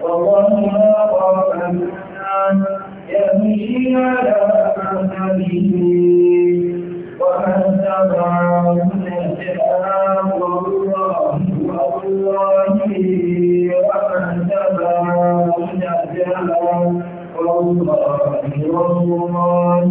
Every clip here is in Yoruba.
والله ما قرأ الناس يمشي على أعماله ومن تبعه نجاه الله والله ومن تبعه نجاه والله والله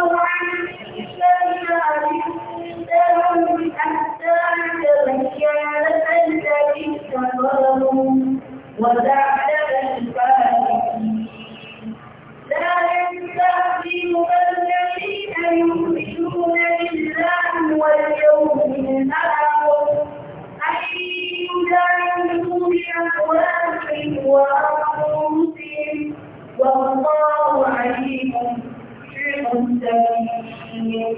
يوم حتى تبين الذين كفروا وزعزع الفاسقين لا يستخدمك الذين يؤمنون بالله واليوم الآخر والله عليم بالمتقين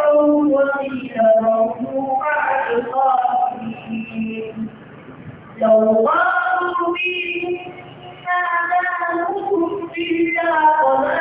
Allah'u bin, sana nukum bila kolay.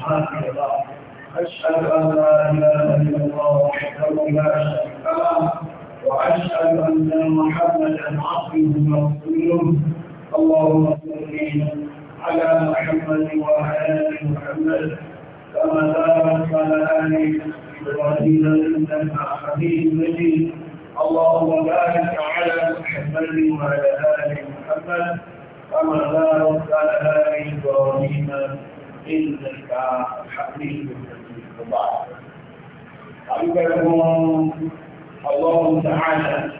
حافظة أشهد أن لا إله إلا الله وحده لا شريك له وأشهد أن محمدا عبده ورسوله اللهم صل على محمد وآل محمد كما باركت على آل إبراهيم إنك حميد مجيد اللهم بارك على محمد وعلى آل محمد كما باركت على آل إبراهيم إنك حكيم وبعد أكبرهم الله تعالى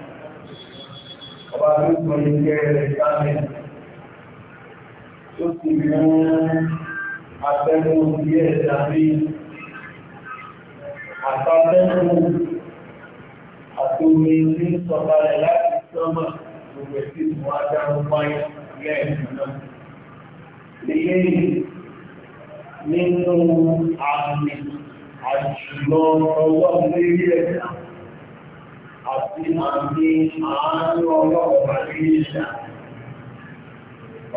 وبارك من خير كامل تسلمون أتموا بيه آمين أتموا أتموا من صلاة لا تسمى وبسيط وأتموا بيه ليه nínú àmì àjùlọ ọwọ́ lérí ẹ̀dá àti àmì àánú ọlọ́pàá lérí ẹ̀dá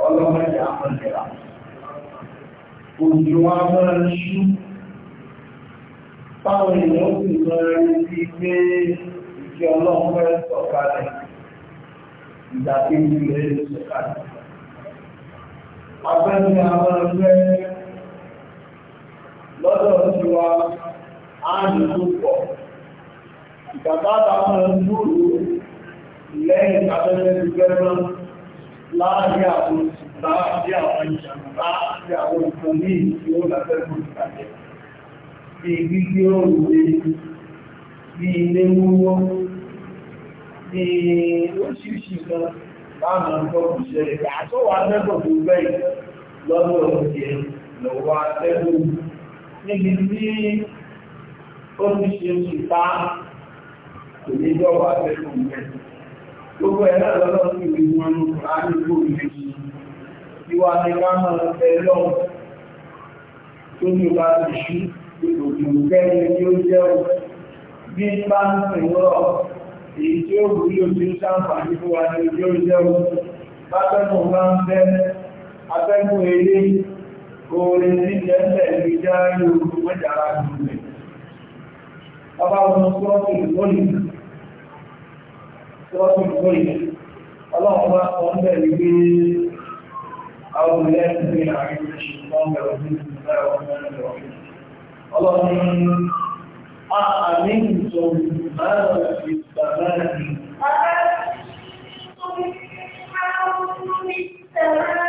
ọlọ́pàá ẹ̀dá àmọ́lẹ́ra. Òjò wa máa ń ṣú, táwọn èèyàn sì máa ń rí pé ìjọ ọlọ́pàá sọ̀kalẹ̀, ìdàkejì rẹ̀ sọ̀kalẹ̀ lọ́dọ̀ ti wá áàrùn tó pọ̀. Ìgbàtàtà máa ń múrù lẹ́yìn afẹ́fẹ́ ti gẹ́gbọ́n láàrin àwọn ìṣùgbà àti àwọn ìjàmbá àti àwọn ìkan ní ìṣẹ́ ó lábẹ́gbọ́n ìpàdé. Bí gbígbé òrùlé, bí ilé wúwọ́, bí oṣìṣì kan láàrín lọ́wọ́ atẹ́gbọ̀n níbi tí ó ti ṣe ti ta kò ní rẹ̀. Gbogbo ẹ̀rọ lọ́lọ́ sí ìwé wọn ní kò lè ṣe. Ìwà ni ká mọ̀ ẹlọ́ tó ní bá ti ṣú ìròyìn kẹ́ni ni ń pè lọ́rọ̀ eré orin ní jẹ́lẹ̀ ní járí ogun mẹ́jára ìgbẹ̀. ọba wọn sọ́ọ̀tì ìgbóni sọ́ọ̀tì ìgbóni ọlọ́run wá sọ ń bẹ̀ wípé àwọn ìlẹ́sìn ní àárín ìṣùgbọ́n bẹ̀rẹ̀ sí ìgbẹ̀rẹ̀ ọ̀gbẹ̀rẹ̀ ọ̀gbẹ̀rẹ̀ ọlọ́run أأمنتم ما في السماء أأمنتم ما في السماء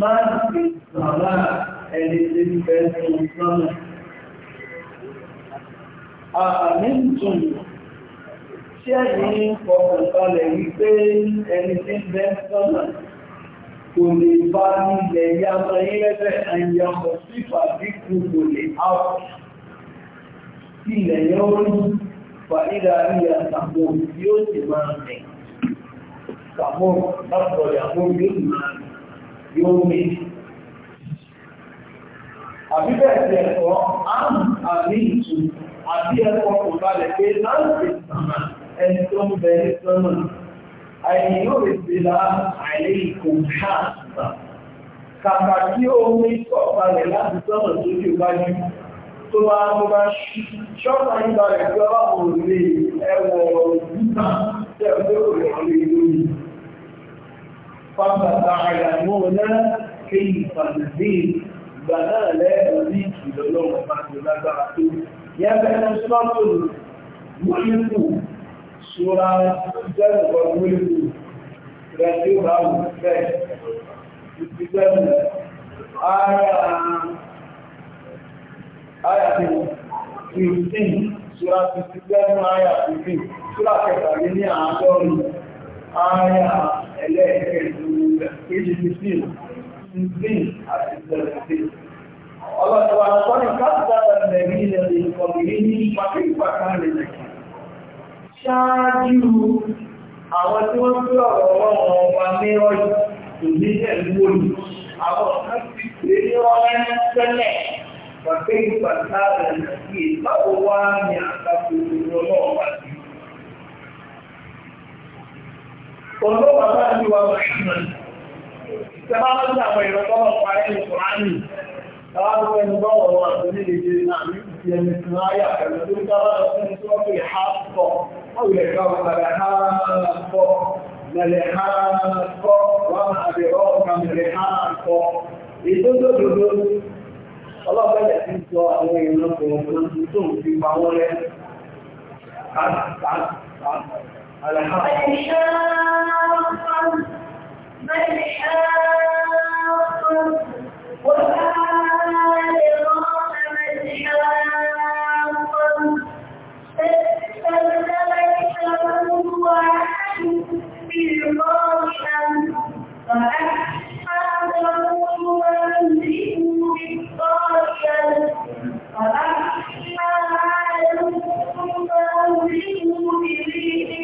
máa ń fi sàmà ẹni tí ń bẹ tún sánà. Àmì ń tún ṣé ẹ̀yìn fọkànbalẹ̀ wípé ẹni tí ń bẹ sánà kò lè bá nílẹ̀ yàtọ̀ ilẹ́bẹ̀ àyàkọ̀ sí fàdíkù kò lè áwọ̀. Ilẹ̀ yóò rí fàídà ilẹ̀ àtàkù yóò sì máa rìn. Kàmọ́ látọ̀ ìyàwó yóò máa rìn yóò mí. Àbí bẹ́ẹ̀ ti ẹ̀kọ́, àrùn àbí ìtù àbí ẹ̀kọ́ kò balẹ̀ pé láti sàmà ẹni tó ń bẹ ní sọ́nà. Àìyí yóò lè fi la àìlè ìkò káàkiri. Kàkà tí omi sọ̀kalẹ̀ láti sọ́nà sójú iwájú tó wá mú bá ṣọ́nà ìgbà rẹ̀ pé ọlọ́run lè ẹwọ̀ òdúnà tẹ̀ pé òrẹ̀ lè lóyún. فستعلمون كيف نزيد بلا لا نزيد لله سبحانه وتعالى يا بني سورة الملك سورة الجن والملك رسول الله الجن آية آية 15 سورة 15 آية 15 سورة كتابية آية, آيَةٌ ẹlẹ́ẹ̀kẹ́dùn kéjì fifteen fifteen àti seventeen. ọlọ́dọ̀wà sọ́ni káàkiri ẹ̀mí ilẹ̀ ìkọ̀bìnrin ní pàkíkpàkà lè nàìjíríà. ṣáájú àwọn tí wọ́n fi ọ̀rọ̀ ọlọ́run ọba ní ọjọ́ tó ní ẹ̀lú òní àwọn kan ti pè ní ọ̀rẹ́ tẹ́lẹ̀ sí olóòpàá bá ní wa ìjọba الحاقة ما الحاقة وما أدراك ما الحاقة فاستمتلك وعن بالغاشا وأحسن وأنزل بالطاقة وأحسن وأنزل بريح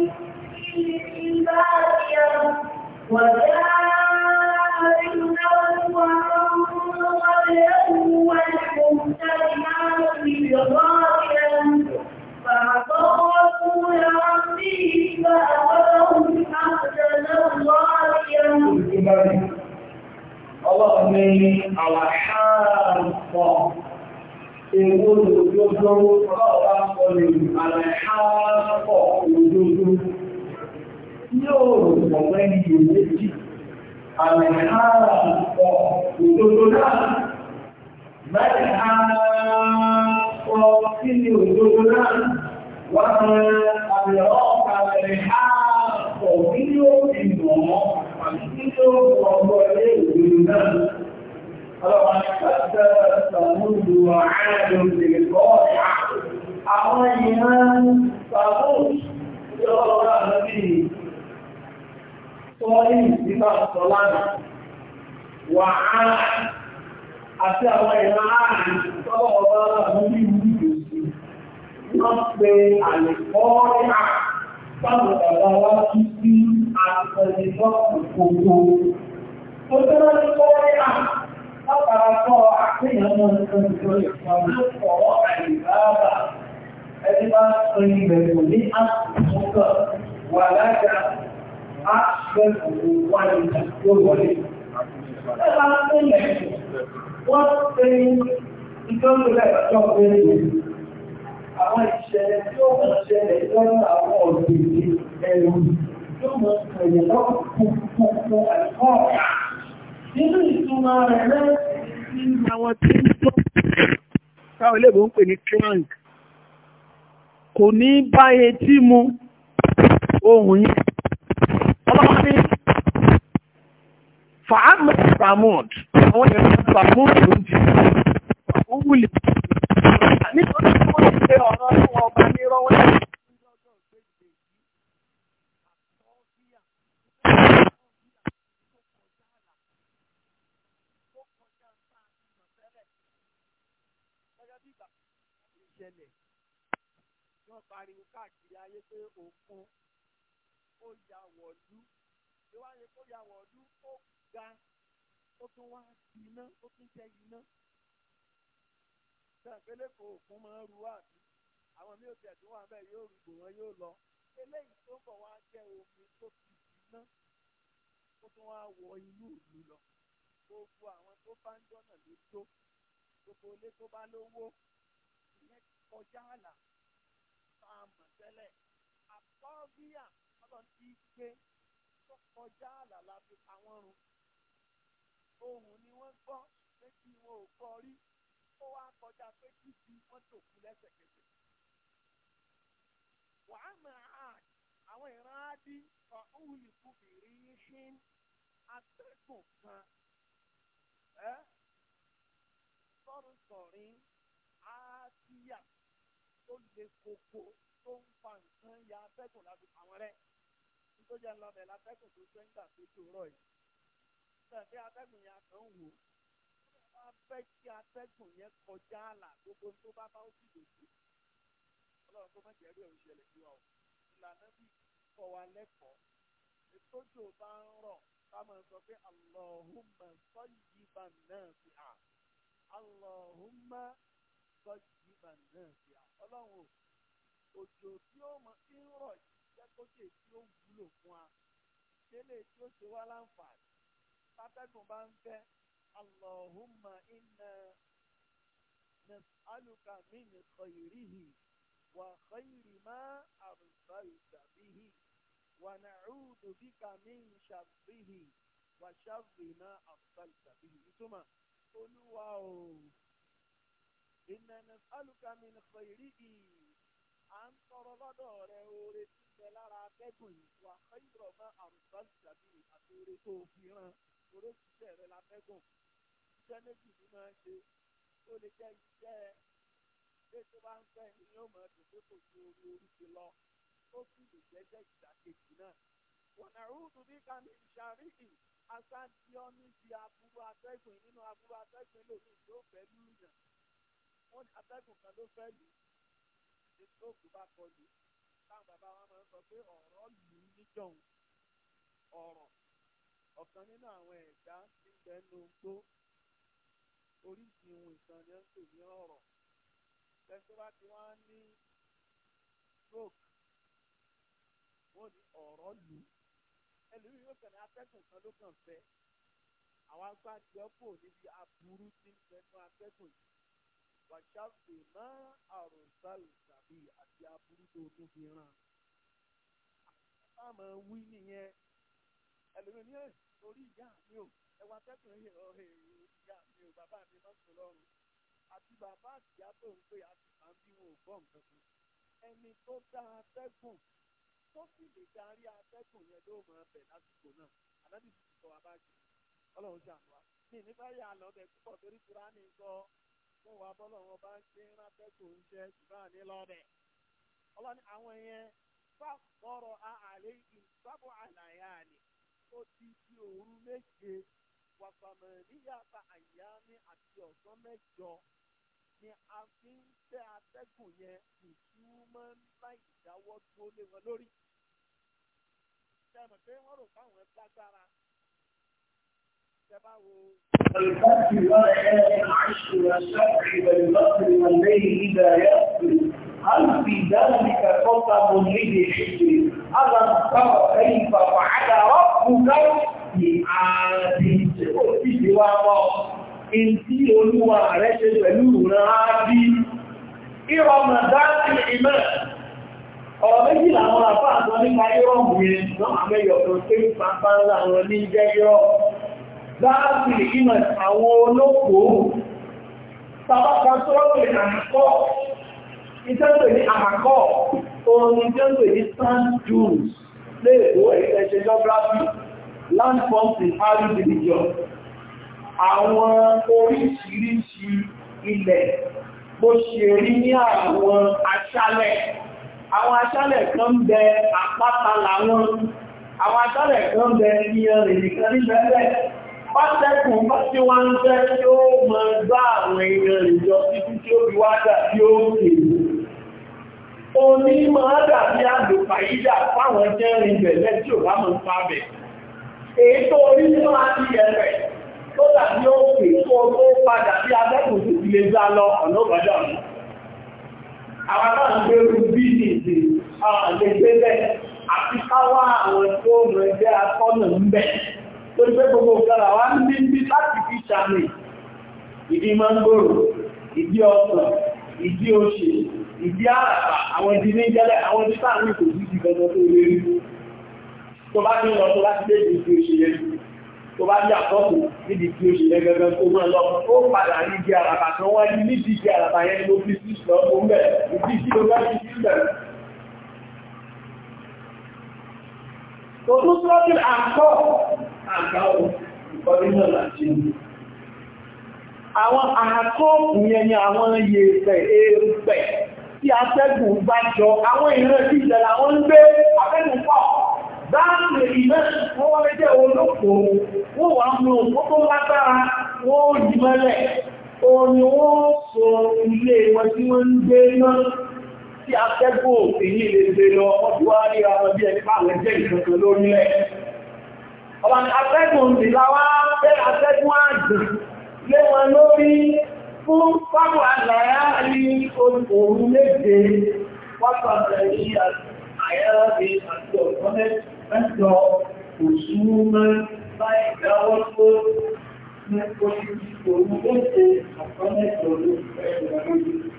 àlàáfọ̀ èwo lòdòdó ọlọ́ọ̀bá pọ̀lì àlàáfọ̀ lòdòdó yóò ọ̀pẹ́ ìyè méjì àlàáfọ̀ lòdòdó náà bẹ́ẹ̀ àlàáfọ̀ sí ni òdòdó náà wọ́n àlẹ́ ọ̀pá àlàáfọ̀ nínú ìgbọ̀n àti nínú ọgbọ̀n ilé ìgbìmọ̀ náà ثمود وعاد بالقارعة عليها ثمود يرى به صليم صفات صلاة وعاد àti àwọn ìran ààrin tọ́wọ́ ọba aláàbò ní ìlú ìgbèsì wọ́n pe àlèkọ́ ìhà sáàmù bàbá wa kí sí àtẹ̀lẹ́gbọ́n kòkòrò. Mo tẹ́lá ní kọ́ ìhà látara kọ́ àpéyàn mọ́ nǹkan ìjọ ìfọ̀n ló pọ̀ àìbáàbà ẹni bá sọ ilẹ̀ kò ní àtúntò wà lájà áṣẹ́kù wà ní ìjọwọlé. Ẹgbà tó ilẹ̀ àwọn ìṣẹ̀lẹ̀ tí ó mọ̀ ṣẹlẹ̀ lọ́nà àwọn ọ̀gbìn ẹ̀rù tó mọ̀ ṣẹlẹ̀ lọ́kùnkùn fún àìkọ́ ọ̀rọ̀ nínú ìtumọ̀ rẹ̀ rẹ̀ nínú àwọn tí ń tó táwọn ilébò ń pè ní clang kò ní bá etí mu ohun yìí ọlọ́pàá ní fàámù pàmùd àwọn èèyàn pàmùd ló ń jẹ òwúlẹ̀ nítorí wọ́n ti ṣe ọ̀rọ̀ ọba ní rọ́wọ́lẹ̀ ṣẹlẹ̀ wọ́n pariwo káàkiri ayé pé òkun ó ya wọ̀lú ìwádìí kó ya wọ̀lú ó ga ó tún wá iná ó tún jẹ́ iná sàǹkélé òkun máa ń ru àbí àwọn mí ò tiẹ̀ tó wà bẹ́ẹ̀ yóò rúgbò wọn yóò lọ eléyìí tó bọ̀ wá jẹ́ omi tó ti iná ó tún wá wọ inú ìlú lọ gbogbo àwọn tó bá ń jọ́nà ló tó gbogbo ilé tó bá lówó kọjá àlà tá a mọ̀ tẹ́lẹ̀ àtọ́bíà ọlọ́run ti gbé tó kọjá àlà la fi pa wọ́n ohun ni wọ́n gbọ́ pé kí wọn ò gbọ́ rí ó wá kọjá pé títí wọ́n tó kú lẹ́sẹ̀kẹsẹ̀ wàá máa hàn àwọn ìran á dín fàúlì kùbìrì ṣe ń atẹ́gùn kan ẹ́ sọ́rùsọ̀rin tó le koko tó ń fa nǹkan ya atẹ́gùn láti àwọn rẹ̀ nítorí ẹ̀ ń lọbẹ̀ látẹ́gùn tó fẹ́ ń gbà tó ṣòro yìí tẹ̀sí atẹ́gùn yẹn kàn wò wọ́n fẹ́ kí atẹ́gùn yẹn kọjá àlà gbogbo tó bá bá ó sì lòdì ọlọ́run tó má jẹ́rìí ẹ̀rù ṣẹlẹ̀ sí wa o ìlànà bí kọ́ wa lẹ́kọ̀ọ́ ìtọ́jú bá ń rọ̀ ká máa sọ pé Allahumma sayyiban nafi'a Allahumma sayyiban nafi'a ọlọ́run òjò tí ó mọ tí ń rọ̀ jẹ́ kó jẹ́ tí ó wúlò fún wa délé tí ó ṣe wá láǹfààní pátákùn bá ń fẹ́ allahumma inna nas'aluka min khayrihi wa khayri ma arsalta bihi wa na'udhu bika min sharrihi wa sharri ma arsalta bihi ìtumọ̀ olúwa o iná alùkàmì fèrèdì à ń tọrọ lọ́dọ̀ rẹ oore tí ń bẹ lára atẹ́gùn yìí wà fẹ́yìnrọ̀ mọ́ àrùsọ́lù tàbí àti oore tó fi hàn oore ṣiṣẹ́ rẹ látẹ́gùn iṣẹ́ méjì ni máa ń ṣe ó lè jẹ́ iṣẹ́ pé tó bá ń fẹ́ ni yóò máa dùn pé kò ju orí orí ti lọ ó sì lè jẹ́jẹ́ ìdàkejì náà wọ̀nà rúùtù bí kàmí ìṣàríkì aṣáájú ọ́ níbi aburú atẹ́gùn nínú aburú atẹ́gùn lòdì tó fẹ́ lùyàn wọ́n ní atẹ́gùn kan ló fẹ́ lù ní tóògùn bá kọ lù táwọn bàbá wa máa ń sọ pé ọ̀rọ̀ lù ú níjọ̀hún ọ̀rọ̀ ọ̀kan nínú àwọn ẹ̀dá tí ń bẹ nu gbó oríṣi ohun ìtàn ni ó ń pè ní ọ̀rọ̀ lẹ́sọ́ bá ti wá ní stroke wọ́n ní ọ̀rọ̀ lù ú ẹlòmíràn yóò kàn ní atẹ́gùn kan ló kàn fẹ́ àwọn agbájọ níbi aburú tí ń bẹ nu atẹ́gùn yìí wàṣàfè má àròsàlù tàbí àti aburú tó tún fi ràn. a máa wí nìyẹn ẹlòmíràn ní orí ìyá mi ò ẹwà tẹkùn ẹ ọ ẹ ìyá mi ò bàbá mi má sùn lọ́rùn àti bàbá àtìyá tó ń pè àti máa ń bí wọn ò gbọ́ nǹkan kan ẹni tó dá atẹ́gùn tó sì lè darí atẹ́gùn yẹn ló máa bẹ̀ lásìkò náà ànábì sì sọ abájú ọlọ́run ṣàmùwà ní ìnífẹ́ yà lọ́bẹ̀ púpọ̀ torí kúránì sọ fún wa bọ́lọ̀ wọn bá ń ṣe ránṣẹ́ tó ń jẹ́ jù náà ní lọ́dẹ̀ ọlọ́ni àwọn yẹn fàkọrọ àlẹ́ ìfàbọ̀ àlàyé àlè ó ti di òru méje wàfàmọ̀ níyàtà àyà ní àti ọ̀sán mẹ́jọ ni a fi ń atẹ́gùn الفتح والآيات العشر والسبع والبصر والليل إذا يأتي هل في ذلك قطب لذي ألم تر كيف فعل ربك بعاد سواه Èntí olúwa rẹ̀ ṣe pẹ̀lú ìran ábí, ìrọmọ̀ dáàtì ìmẹ́. Ọ̀rọ̀ méjì làwọn àpá àtọ́ nípa ìrọ̀mù yẹn, náà àmẹ́yọ̀ kan pé pàápàá ńlá àwọn ní jẹ́ láàbì ìmọ̀ àwọn olóòpòó tàbákan sọ́rọ̀pẹ̀ àmàkọ́ ìtẹ́pẹ̀ ní àmàkọ́ orin tẹ́pẹ̀ ní sand dunes léèkó ẹ̀ṣẹ̀ geography landforms in harry religion àwọn oríṣiríṣi ilẹ̀ bó ṣe rí ní àwọn aṣálẹ̀ àwọn aṣálẹ̀ kan bẹ àpáta làwọn àwọn aṣálẹ̀ kan bẹ iyanrìn nìkan níbẹ̀ẹ́bẹ̀ẹ́ pátẹ́kù bá tí wọ́n ń fẹ́ tí ó mọ̀ gbá àwọn èèyàn ìjọ títí tí ó fi wá dàbí ó kèrè. ó ní máa dàbí àdùpà yídà fáwọn jẹ́rin bẹ̀lẹ́ tí ò bá mọ̀ pàbẹ̀. èyí tó orí máa ti ẹ̀rẹ̀ tó dàbí ó kè kó tó padà bí atẹ́kù tó ti lè já lọ ọ̀nà ọ̀gbọ́dọ̀ mi. àwọn táwọn gbèrú bí nìdí àwọn àgbègbè bẹ́ẹ̀ torí pé gbogbo ọ̀gára wá ń bí bí láti fi ṣàmì ìdí mángòrò ìdí ọ̀sán ìdí oṣè ìdí àràpà àwọn ìdí ní jẹ́lẹ̀ àwọn ìdí sáà ní kò sí ti gbẹ̀gbẹ̀ tó lè rí tó bá ní lọ tó láti dé ìdí tí ó ṣe yẹn tó bá jà tọ́kù níbi tí ó ṣe yẹn gẹ́gẹ́ tó máa lọ ó padà ní ìdí àràpà kan wáyé níbi ìdí àràpà yẹn ló fi sí ìṣọ́ tó ní sọ́dún àkọ́ àgbáwò ìkọ̀dínà láti àwọn àkọ́ ìyẹn ni àwọn yẹ̀ẹ̀pẹ̀ erùpẹ̀ tí atẹ́gùn bá jọ àwọn ìran tí ìjẹ̀ làwọn ń gbé atẹ́gùn pọ̀ dáàmì ìmẹ́ wọ́n wá lẹ́jẹ́ olóòpó wọ́n wà mú òpópó látara wọ́n yìí mẹ́lẹ̀ òní wọ́n sọ ilé wọn tí wọ́n ń gbé náà tí a tẹ́gbò èyí lè ṣe lọ ọdún wá ní ara bí ẹni máa lè jẹ́ ìkankan lórílẹ̀. ọba ni atẹ́gùn ti láwá fẹ́ atẹ́gùn àjùn lé wọn lórí fún pápù àlàyá ní oòrùn méje wákàtẹ̀ yìí àyẹ́rẹ́ bí àti ọ̀gbọ́n mẹ́jọ òṣùwò mẹ́ láì dáwọ́ tó ní oṣù oòrùn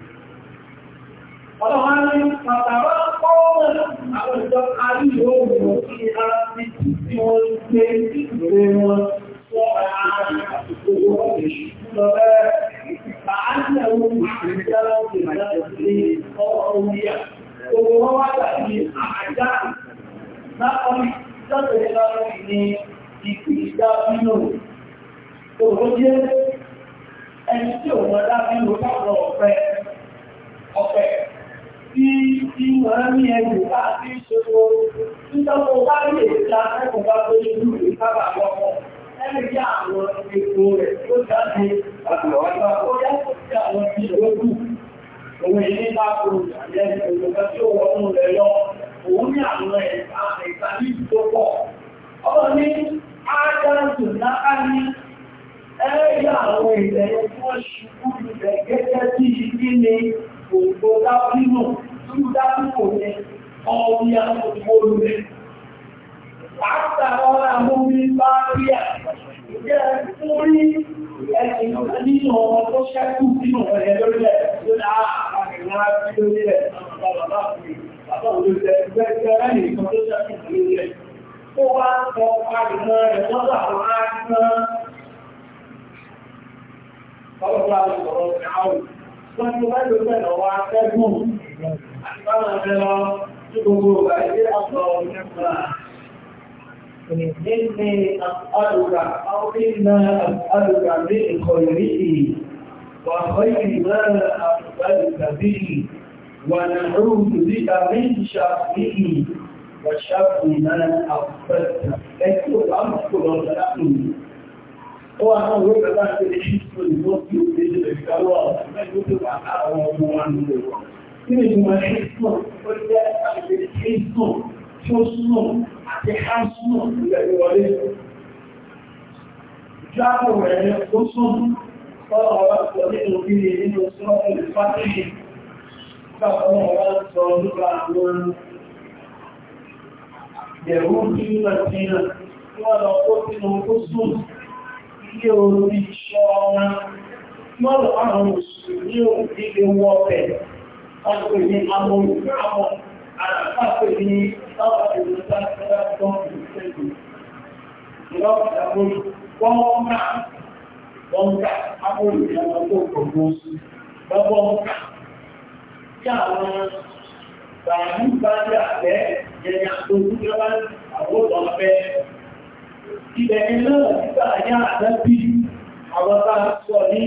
Ọlọ́run ní pàtàkì pọ́wọ́n àwọn ìjọ kárí ìwọ̀n tí a ti tí wọ́n ń gbé ìgbèrè wọn fún àárín àti gbogbo ọ̀pẹ̀ṣù lọ bẹ́ẹ̀. Àárín àwọn ìjọba ìjọba ọ̀rọ̀ oríyà, gbogbo wọn wá tàbí àjá lápọ̀lì tọ́tẹ̀lẹ́ lọ́rọ̀ ní ìpì ìdábínú. Òwò jẹ́ ẹni tí òun ọ̀dá bí mo bá lọ ọ̀pẹ ọ̀pẹ tí ìwọ̀n ní ẹgbẹ̀ bá ti ṣòro nítọ́pọ̀ bá lè ta ẹkùn bá tó ṣe lúrù ìkábà lọ́pọ̀ ẹgbẹ̀ àwọn ètò rẹ̀ tó jáde àtìwọ́gbà ó àwọn ìṣòro òun ilé bá kò tí ìdí ni òkò dábínú tó dábínú ní ọmọ ya olú rẹ̀. Àtàrà ọ̀rọ̀ àwọn omi bá rí à jẹ́ orí ẹ̀sìn nínú ọmọ tó ṣẹ́kù sínú ọ̀rẹ́ lórí ẹ̀ tó dá àgbẹ̀rẹ̀ láti lórí ẹ̀ bàbá fún bàbá olóògbé ẹgbẹ́ ẹ̀rẹ́ nìkan tó ṣẹ́kù lórí ẹ̀. Ó wá sọ àgbẹ̀rẹ̀ rẹ̀ lọ́dọ̀ àwọn àgbẹ̀rẹ̀ Ọlọ́pàá ìṣòro ìhàwó wọ́n ti wá ló fẹ́ lọ́wọ́ akẹ́gùn àti bá máa fẹ́ lọ sí gbogbo ọgbà ilé ọ̀pọ̀ nípa Nígbè àdùgbà, ọ̀rí na àdùgbà bí ìkọ̀ ìrìsì, wà kọ́yì náà àdùgbà ìgbàbí, wà nà rúrù bí àmì ìṣàfihì, wà ṣàfihì náà àpẹẹ̀ta. Ẹ̀kú àmì kò lọ ó wà náà ló pẹ̀lú àti ìṣúkú ìlú tí ó lè jẹ́ ìgbàlọ́ ọ̀rọ̀ mẹ́rin ó tó wà láàárọ̀ ọmọ wa nù lọ́wọ́. Kí ni ìgbìmọ̀ ṣíṣùn ó jẹ́ àti ṣíṣùn tí ó sùn àti ṣáṣùn ilẹ̀ ìwọlé. Jáàbù rẹ̀ ó sùn sọ́rọ̀ ọ̀rọ̀ sọ nínú bí i nínú sọ́rọ̀ ìfátìlì. Bákan ọ̀rọ̀ sọ nípa àwọn Yẹ̀rú kí ń lọ sí náà, wọ́n lọ kó sínú tó sùn sí orí iṣẹ́ ọmọ mọ́lọ̀ àwọn òṣìṣẹ́ òbí lè wọ ọbẹ̀ ọkọ̀ ní àwọn olùgbàmọ̀ àtàkọ̀ ní sábà ìrọ̀lá ìrọ̀lá ìṣẹ́gun ìrọ̀lá ìrọ̀lá Bọ́nkà, abúrú ìyàwó tó gbogbo sí, bọ́bọ́nkà, kí àwọn bàánú bá rí àfẹ́ yẹ̀yà tó dúdú lọ́wọ́ àwọn ọ̀fẹ́ ilẹ̀ iná títà yá àdábí àwọn táà sọ ní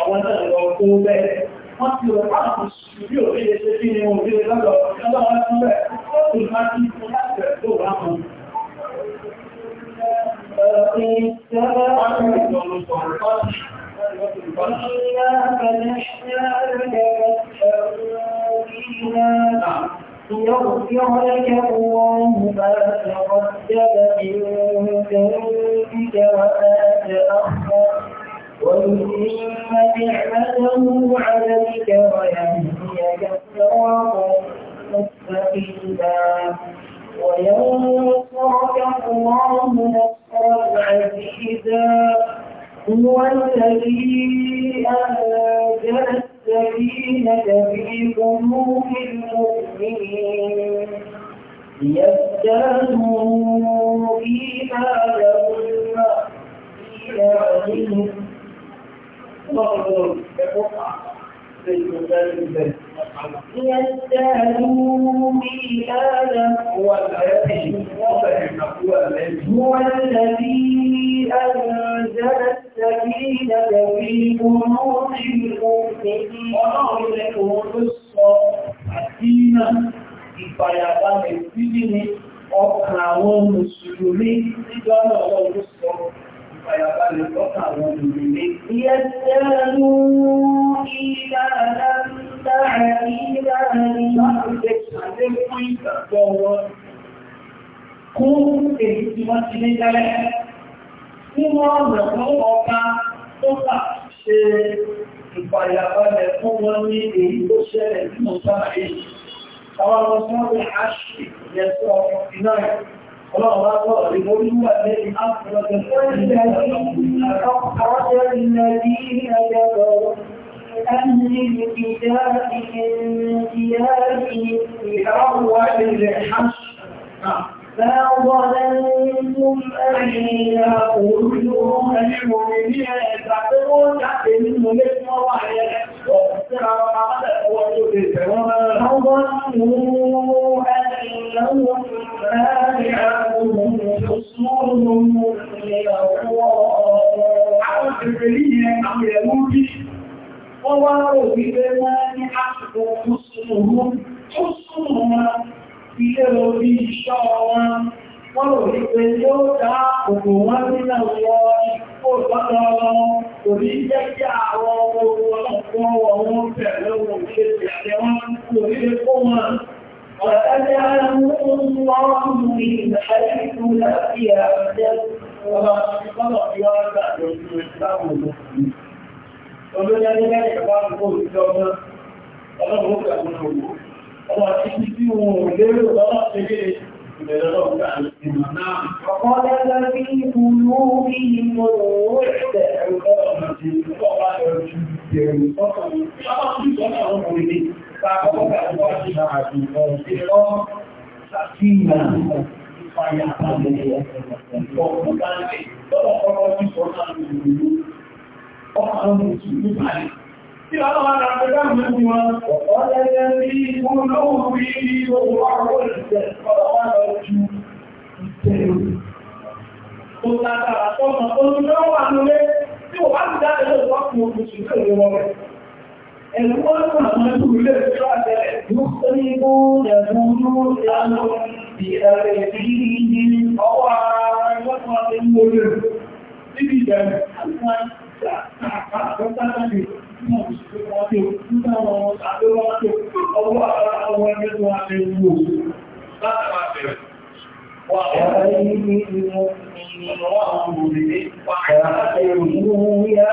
àwọn náà lọ kó bẹ́ẹ̀. Wọ́n ti rọ̀ láàrín ṣùgbí òfílẹ̀ ṣe kí ni òfílẹ̀ lọ́lọ́ ọlọ́wọ́ tún bẹ̀ ó tún láti fún láti rẹ̀ tó wà mú. Ìjọba يغفر لك الله ما تقدم من ذنبك وما تأخر ويتم نعمته عليك ويهديك صراطا مستقيما وينصرك الله نصرا عزيزا هو الذي أنزل السكينة في قلوب المؤمنين ليزدادوا إيمانا إلى ليزدادوا إيمانا والذي هو الذي mú oṣù lórí wọn rẹ̀. Ẹ̀rù wọ́n mú àwọn ẹ̀kú ilé ìjọ àtẹ̀lẹ̀ ló ní kó ẹ̀kú ló lánà ti ẹ̀rẹ̀ ìdílé ní ọwọ́ ara ẹgbẹ́ fún ọdún ní orí rẹ̀. Níbi ìbẹ̀rẹ̀ àwọn àgbà وَأَيِّ الْمُؤْمِنِينَ وَأَمْرِهِ وَحَيَاتِهِ يَا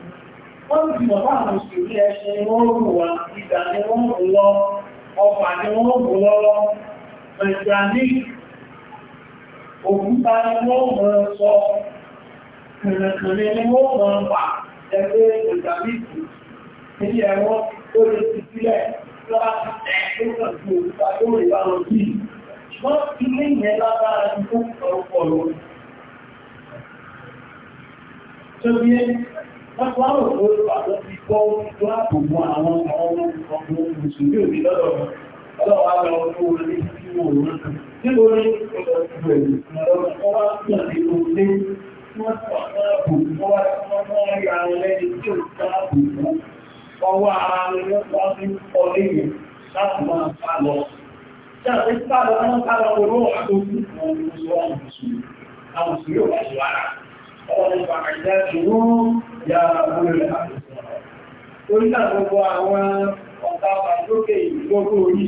wọ́n ti mọ̀ bá àwọn òṣèré ẹṣin wọ́n rù wá ìdà ni wọ́n rù lọ ọfà ni wọ́n rù lọ́rọ́ ẹ̀dà ní òkúta ni wọ́n mọ̀ sọ kìrìkìrì Wọ́n wá rò ó pàtó ti kọ́ tó ààbò mú àwọn ọmọ ọmọ mùsùlùmí òní lọ́dọ̀ ọlọ́wà lọ fún orin ní ìwò òun. Níbo ní ọjọ́ ìgbẹ̀ ìrọ̀lọ́wọ́ wá sí àti orílẹ̀ wọ́n sọ ààbò mọ́ wá sí ọmọ ìyá ẹlẹ́ni tí ó sáàbò mọ́. Ọwọ́ ara rẹ̀ wọ́n fi ń kọ léyìn láti máa sá lọ. Jáde sá lọ, wọ́n sá lọ orú àtòkù fún ọmọ ìṣòro àwọn mùsùlùmí. Àwọn mùsùlùmí ò wá sí wàrà ọ̀pọ̀ àjájúwó ya múlẹ̀ láti sọ̀rọ̀. Torí náà gbogbo àwọn ọ̀tá pàtókè ìgbogbo orí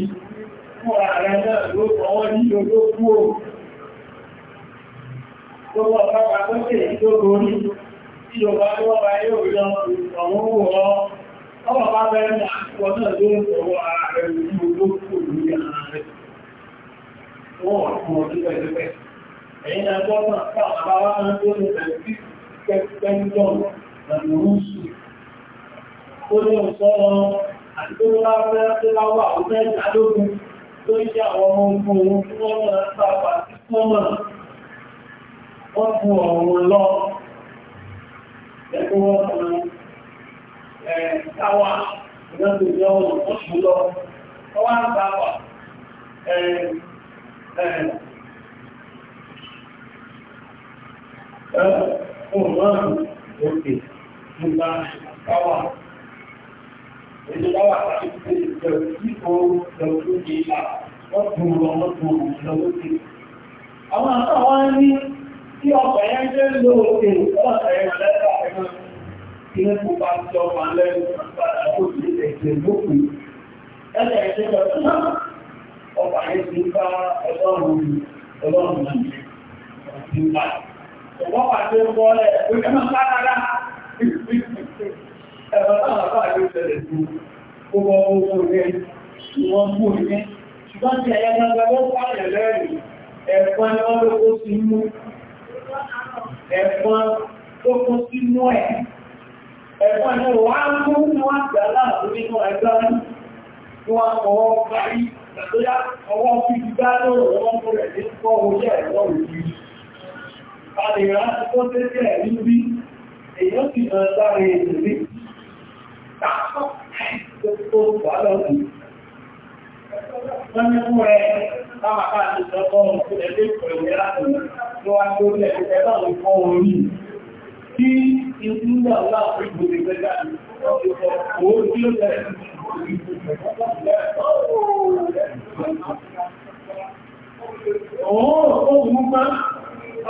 fún ààrẹ náà ló fọwọ́ ní ogó kú o. Gbogbo ọ̀tá pàtókè ìgbogbo orí tí ó bá tó wọ́pá yóò rí ọmọ owó ọ. Ọmọ bá bẹ́rẹ̀ ní àkọ́ náà ló fọwọ́ ààrẹ ní ogó kú o ní ààrẹ. Wọ́n wà fún ọdún pẹ̀lú pẹ̀lú ẹ̀yìn agbọ́nà pàpàá wá ń tó ní ẹ̀sí ọ̀rọ̀mọ́rùn òkè nípa káwà èdè káwà láti pé ìjọba tí ó lọ́gbọ́gbé ìlà wọ́n tún lọ́gbọ́gbọ́ lọ́gbọ́gbé àwọn àtàwọn ní tí ọkọ̀ yẹn jẹ́ ló òkè ọlọ́pàá yẹn lẹ́ta ẹ̀mọ́ ilé pupa tí ọmọ alẹ́ ìpàdà tó ti ẹ̀jẹ̀ lókùn ẹ̀jẹ̀ ẹ̀jẹ̀ lọ́tún ọkọ̀ yẹn ti bá wọ́n pàtó bọ́ọ̀lẹ̀ ìgbẹ́mọ̀ sáàdá ẹ̀rọ táwọn bá yóò tẹ̀lẹ̀ fún gbogbo owó rẹ̀ wọ́n mú ní ṣùgbọ́n tí ẹ̀yà gbogbo wọ́n pààyàn lẹ́rìn ẹ̀fọn ni wọ́n lókó sí mú ẹ̀fọn tó kó sí mú ẹ̀ ẹ̀fọn ni a lè rá tó tẹ́tẹ́ ẹ̀rí bí èyàn sì máa sáré èdè rí tààkọ́ tó wà lọ́sí wọ́n ní fún ẹ láwọn àpá àti ìjọba ọ̀pọ̀ ẹgbẹ́ ìpẹ̀lẹ̀ láti lọ́wọ́ tó lẹ̀ ẹgbẹ́ ìfọ́ ìpínlẹ̀ aláàfin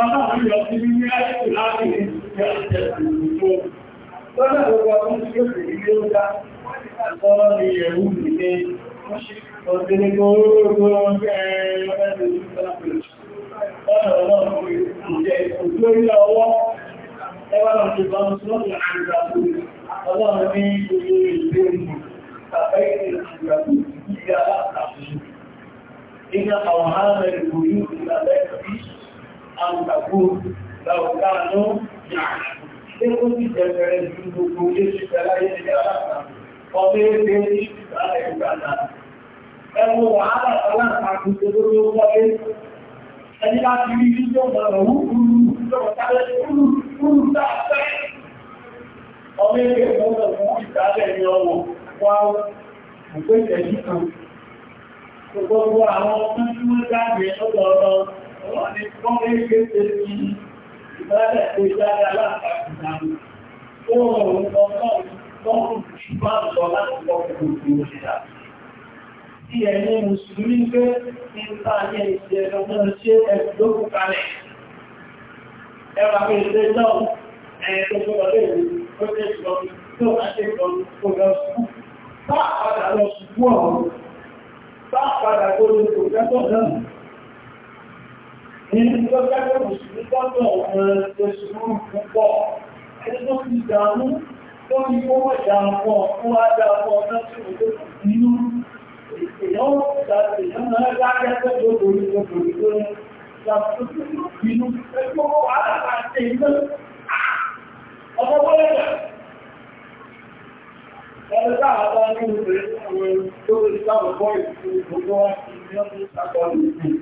ọlọ́run yọ sí ní ẹ̀kù láti ní ẹ̀ṣẹ̀ ìrìnlẹ̀ lọ́nà gbogbo ọdún tí ó sì rí lé ó dá ọ̀rọ̀ ni ẹ̀rù nìlé ọ̀sẹ̀lẹ̀ gbogbo ọjọ́ Ọlọ́run ní gbogbo ìgbé ìlú, àbẹ́ ìrìnàjò ìgbà àtàkùn. إن أوهام الوجود لا يكفي أن تكون لو كانوا يعلمون يكون في جبل الجنود يشترى يشترى وغير ذلك لا يمكن ẹ̀wọ̀n wàhálà aláàkàkù tó lórí ọgbọ́gbé ẹni láti rí ìjọ ọ̀rọ̀ òkúrú ìjọba tààrẹ kúrú tààrẹ ọmọ ẹgbẹ́ ìgbọ́nà fún ìtààrẹ ní ọmọ wá òpé ìtẹ̀jú kan gbogbo àwọn ọmọ tí wọ́n dáàbẹ̀ lọ́gbọ̀ọ́rọ̀ Ọlọ́run ni kí wọ́n rí gbé ṣe ní ìbálẹ̀ tó dára látàkùnà. Ó rọrùn ọlọ́run lọ́rùn ṣùgbọ́n lọ láti lọ́pọ̀ gbogbo òṣìṣà. Tí ẹni Mùsùlùmí gbé ní sáàyẹ ìṣẹ̀lẹ̀ náà ṣe ẹ̀dọ́kù kalẹ̀. Ẹwà pé ìṣẹ́ náà ẹ̀yẹ tó gbọ́dọ̀ lè rí ó ṣe ìṣọ́nù tó bá ṣe ìṣọ́nù kò lọ sùn. Bá padà lọ sùn fún ọ̀run. Bá padà gbọ́dọ̀ kò jẹ́ tó náà. Nínú tó kẹ́kọ̀ọ́ mùsùlùmí gbọ́dọ̀ ọ̀rọ̀ ẹ̀sùn púpọ̀, ẹni tó fi dàmú, tó fi kówó ìdàmọ́, ó wá dàmọ́ ọ̀nà tí ó tó nínú. Èèyàn ó dàbí ìyàn náà lágbẹ́gbẹ́ tó borí tó borí tó ní.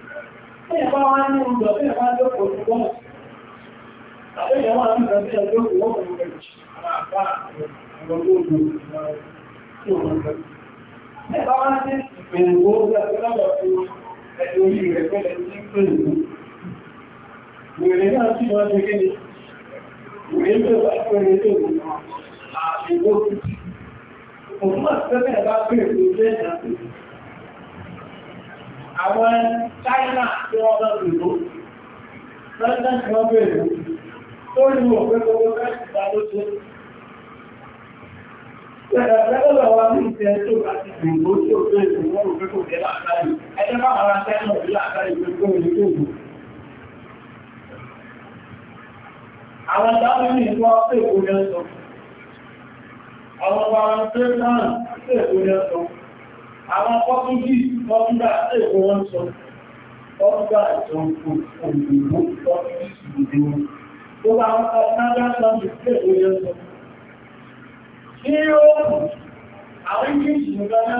Ẹ̀yẹ̀ bá wá ní ọjọ́ tí ẹ̀bá jókòó ti wọ́n. Àbẹ́yẹ̀ wá ní ọjọ́ tí ẹ̀bá jókòó wọ́n kò mọ̀ àwọn àpá àwọn olóògbò tí ó mọ̀ pẹ̀lú. Ẹ̀bá wá sí ìpẹ̀lú ó gbẹ́ lọ́dọ̀ fún ẹ̀dùn orí rẹ̀ pẹ̀lẹ̀ tí ń pẹ̀lú. Ìrìn náà sí wọ́n ti gẹ́ ni. Ìrìn tó bá pẹ̀lú tó mọ̀ àwọn China tí wọ́n lọ ìlú lọ́dún tí wọ́n bèèrè tó ní òfin gbogbo fẹ́ẹ̀sì ta ló ṣe Ìjọba wa ní ìfẹ́ tó láti ìgbò tí ó fẹ́ ìgbò wọ́n rò pé kò jẹ́ láàárín. Ẹjẹ́ bá ara tẹ́lọ̀ láàárín gbogbo ìlú tó àwọn dáwọn ní ìwọ́ pé ìgbò ní ọ̀sọ̀. Àwọn ọmọ àwọn tó náà pé ìgbò ní ọ̀sọ̀. àwọn pọ́túgì pọ́túgà èkó wọ́n sọ pọ́túgà ìjọ òyìnbó pọ́túgì ìgbìmọ̀ tó bá wọ́n sọ náà sọ́jú yẹn sọ ní yóò àwọn english nìkan náà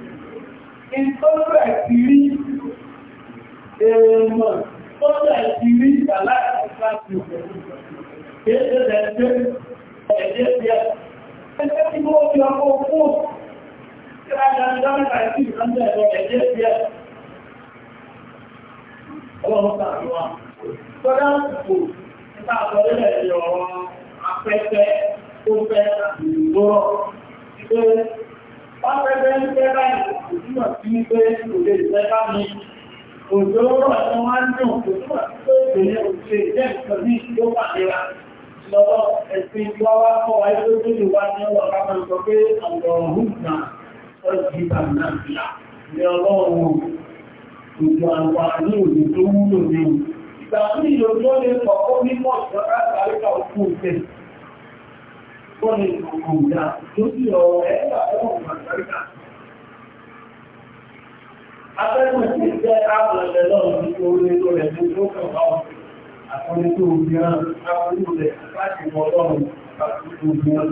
ìtọ́jú ẹ̀sì rí èèmọ̀ tọ́jú ẹ̀sì rí ìgbàlá ìgbàláti ẹ̀ẹ́dẹ̀ ẹ̀ẹ́dẹ̀ ẹ̀ẹ́dẹ̀ ẹ̀ẹ́dẹ̀ ẹ̀ẹ́dẹ̀ ẹ̀ẹ́dẹ̀ ẹ̀ẹ́dẹ̀ ẹ̀ẹ́dẹ̀ Ọlọ́run tàbí wà. Tọ́dá òkùnkù nípa àtọ́lẹ́lẹ̀ ìrọ̀ apẹ́fẹ́ tó fẹ́ àti ìgbórọ̀. Ìgbé Pápẹ́gbẹ́ ń fẹ́ báyìí, òjúmọ̀ sí ń pé òjò ìfẹ́ bá mi. Òjò rọ̀ tí wọ́n ń dùn, òjúmọ̀ sí pé òjò òjò ìjẹ́ ìkan ní ìjọ pàdéra. Lọ́wọ́ ẹ̀sìn ìgbọ́wá kọ́ wáyé tó tó lè wá ní ọlọ́ọ̀ká máa ń sọ pé ọ̀rọ̀ ọ̀hún náà, ọ̀rọ̀ ìgbà náà fìlà. Ní ọlọ́run, ìlòjọ́ lè pọ̀ ó ní mọ̀ ìjọba òkú òkè wọ́n ni gbogbo ìdá láti mọ lọ́rùn àti obìnrin.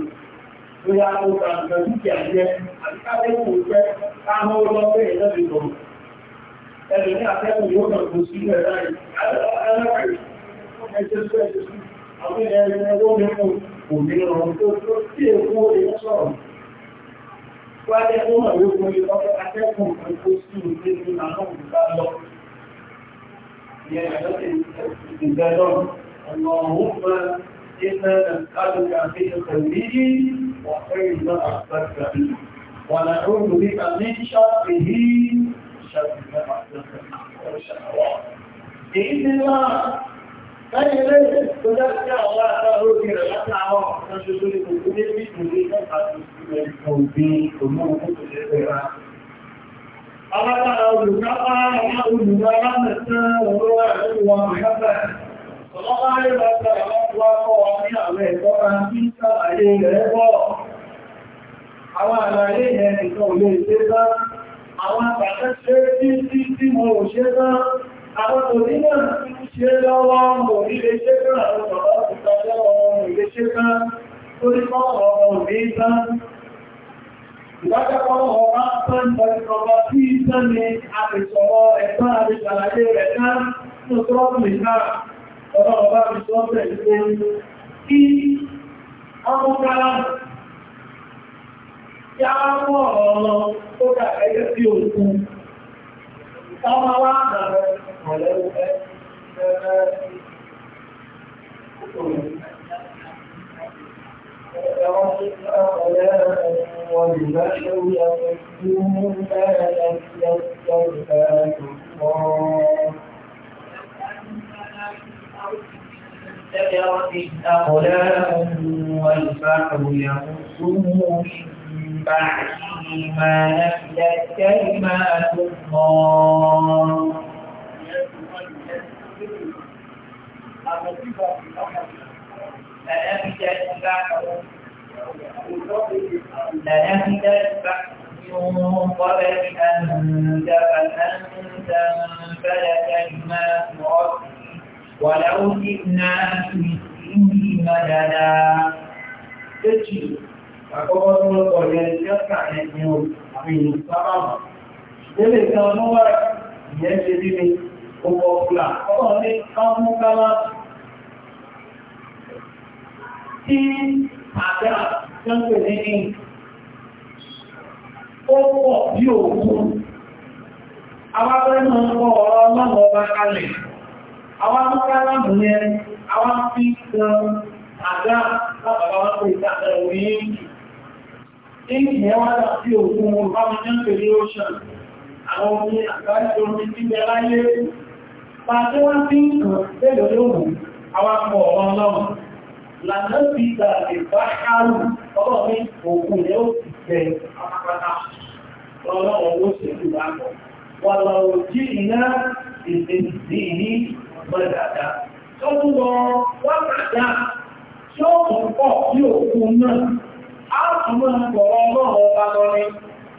Ó yá ó ta nǹkan dúkìá jẹ́ àti káfẹ́kùn jẹ́ káwọn olóògbé ìlọ́bì lọ. ní afẹ́kùn yóò kàn ومنهم كثر في قوه الاسلام وقال يقول لكم لقد اتاكم انفسكم من ما لهم تعلق يا عباد الزادان اللهم انا نسالك في قلبه وخير اخبرك به ونعوذ بك من شره شر ما اخبرك به باذن الله فان لم تذكر الله تعالى àwọn ọ̀sán ṣoṣo ní gbogbo ní bí ìdílé mẹ́ta tó ti rẹ̀ òbí òmúrùn tó ti ṣe pẹ̀lá. Alágbára olùkápá àwọn olùwà lámẹ̀sán ọ̀rọ̀ ẹ̀rùwọ̀n mẹ́fẹ́. Ọlọ́pàá rẹ̀ bá tẹ̀lé ọkọ̀ akọ́ wa ní àwọn ẹ̀kọ́ ra sí sàlàyé rẹ̀ bọ̀. Àwọn àlàyé yẹn nìkan ò lè ṣe bá. Àwọn àpàtẹ́ ṣe tí tí tí mo ò ṣe bá. Àwọn tòní náà ṣe lọ́wọ́ mò nílé ṣe náà lọ́wọ́ ìgbà lọ́wọ́ mò nílé ṣe náà tó ní kọ́ ọ̀rọ̀ ní ìtàn. Ìbájápọ̀ ọ̀rọ̀ tán ìbọ̀lẹ̀kọ̀ọ̀bá tí ìtàn ni a lè sọ̀rọ̀ ẹ̀tàn àti ìṣàlàyé rẹ̀ náà tó tọ́ọ̀bù nìta ọ̀rọ̀ bá fi sọ́ọ̀bẹ̀ ìgbẹ̀rẹ̀ kí والبشر يقدم والبحر يقصه من بعده ما نفلت كلمات الله لنفدت من قبل أن تنفذ كلمات ربي ولو جئنا بمثله مددا تجي فقالوا لقد يلتقى اليوم من الصحابة ذلك النور يجري gbogbo ọ̀pùlà ọ̀rọ̀ ní káàmùkálá tí àdá jẹ́ǹkẹ̀ nínú ó pọ̀ bí òkun awábẹ́nà ọ̀rọ̀ ọlọ́nà ọba kalẹ̀ awámúkálá mìíràn awá fi gan àdá lábàbá wá pé ìtàkẹ̀ òyìn ìgbìyàn wá dà sí òkun olùbámu jẹ́ǹkẹ̀ ní ocean àwọn omi àgbáyé omi ti bẹ láyé pa tí wọ́n fi ń kàn lẹ́lọ lóòrùn awapọ̀ ọlọ́run lànà bí ìgbà ìgbà ṣáàrù ọlọ́run ní òkun ni ó ti jẹ apapata ọlọ́run ló ṣe jù lápọ̀ wà lọ́rọ̀ jí iná ìdèdè ní gbọ́dàdà tó ń lọ wákàtà tí ó tún pọ̀ sí òkun náà á tún mọ́ ọ̀rọ̀ ọlọ́run ọba lọ́rin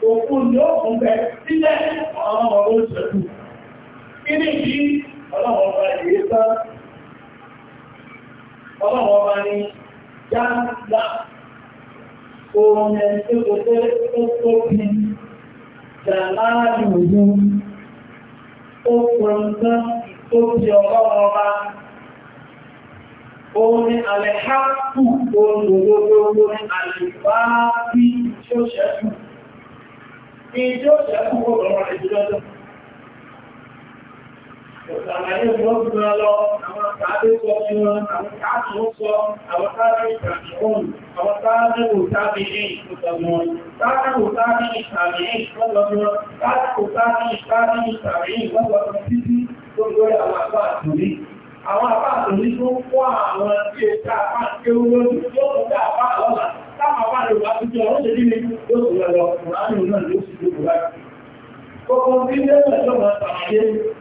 òkun ni ó kún bẹ sílẹ̀ ọlọ́run ló ṣe jù kí ni ọlọ́wọ́ ọba ìwé tán ọba ni oòrùn ẹ̀ tí ó tó tó tó bí jàláàlì òjú ó pọ̀rọ̀ tán tó bí ọlọ́wọ́ ọba Òun ni àlẹ́hápù olùgbogbo ní àlèfáà bí ìjọ́ ṣẹ́kù. Ìjọ́ ṣẹ́kù Àlàyé wọn bí wọn lọ, àwọn tàbí sọ bí wọn, àwọn tàbí ó sọ, àwọn tàbí ìtàbíhùn, àwọn tàbí ò tàbí ní ìtàbíhùn, tàbí ò tàbí ìtàbíhùn, wọ́n lọ bí wọn, tàbí ò tàbí ìtàbíhùn, wọ́n lọ bí títí tó lórí àwọn àpá àtòrí. Àwọn àpá àtòrí tó ń kọ́ àwọn tí ó ká àpá àti ó lórí tó ń ká àpá àlọ́là, táwọn àpá àlọ́là tó jẹ́ ọ̀rọ̀ lè ní yóò tó lọ, Kùránù náà ló sì lókùnrin. Gbogbo bí lẹ́yìn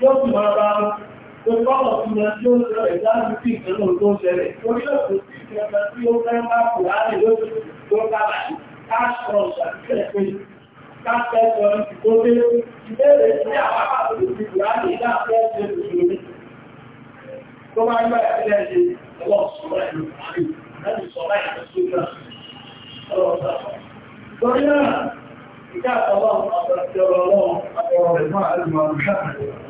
yóò sì máa bá ó kọ́kọ̀ sí ẹ tí ó ń lọ ìdájú sí ìpínlẹ̀ tó ń ṣẹlẹ̀ orí òkú sí ìjọba tí ó fẹ́ bá kò láàrin lóṣù tó kára ní cash crunch àtìkẹ́ pé káṣẹ́ sọ ní tó dé ìbéèrè sí àwọn àpapọ̀ òbí kò láàrin ìdá fẹ́ ṣe òṣèlú tó bá gbà ìpínlẹ̀ ṣe ọwọ́ sọ̀rọ̀ ìlú àárín láti sọ̀rọ̀ ìdásókè ọ̀rọ̀ sọ̀rọ̀ Torí náà, ìjà àtọwọ́ àwọn àpẹẹrẹ ọlọ́run àtọwọ́ rẹ̀ máa ń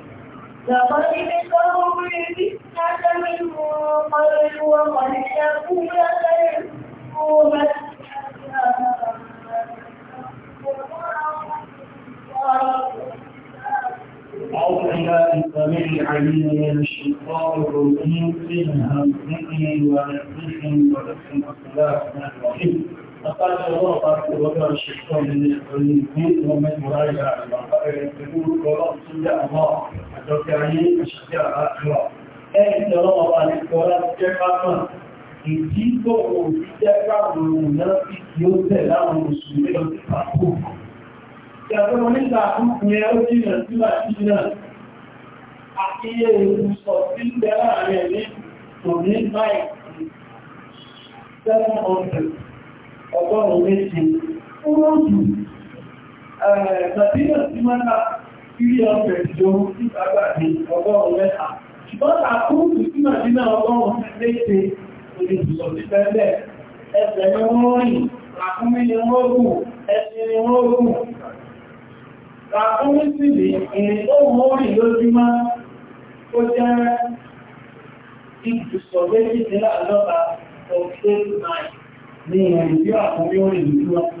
لقد كفروا بالفتنة من قبل وقد شكوا يكذبون أعوذ بالله السميع العليم من الشيطان الرجيم من همزه ونفسه ونفسه بسم الله الرحمن الرحيم فقال الله تبارك وتعالى الشيطان الرجيم ومن مراجع الله bẹ̀rẹ̀ pẹ̀lú orúkọ ọlọ́run tó jẹ́ àmọ́ àjọkẹ́ ayé ìṣẹ́jẹ́ àbájúwà ẹ̀yìn tí ọlọ́run bá ní kọ́ láti jẹ́ pátán ìdí tó wò sí jẹ́ káwọn ohun náà fi kí ó tẹ̀ láwọn oṣù mélòó ti pàkó. ìyàtọ̀ wọn nígbà àkókò yẹn ó jìnà sí láti náà àkíyè ìrùsọ̀ sí ń bẹ láàrin ẹ̀mí tòní báyìí seven hundred ọgọ́rùn-ún méje ó rọ̀ jù Nàìjíríà ti mẹ́ta ilé ọ̀fẹ́ ìjọun sí àgbàdì ọgọ́rùn mẹ́ta. Ṣùgbọ́n àkóòtù sí Nàìjíríà ọgọ́rùn léṣe olùsùsọ̀ ti fẹ́lẹ̀. Ẹsẹ̀ ni wọ́n rìn, àkúmí ni wọ́n gùn, ẹsẹ̀ ni wọ́n gùn. Àkúmí sì lè ìrìn tó wọ́n rìn lójúmọ́ ó jẹ́ ìjùsọ̀ méjìdínláàdọ́ta of 8-9 ní ìrìn tí àkúmí ó rìn lójúmọ́.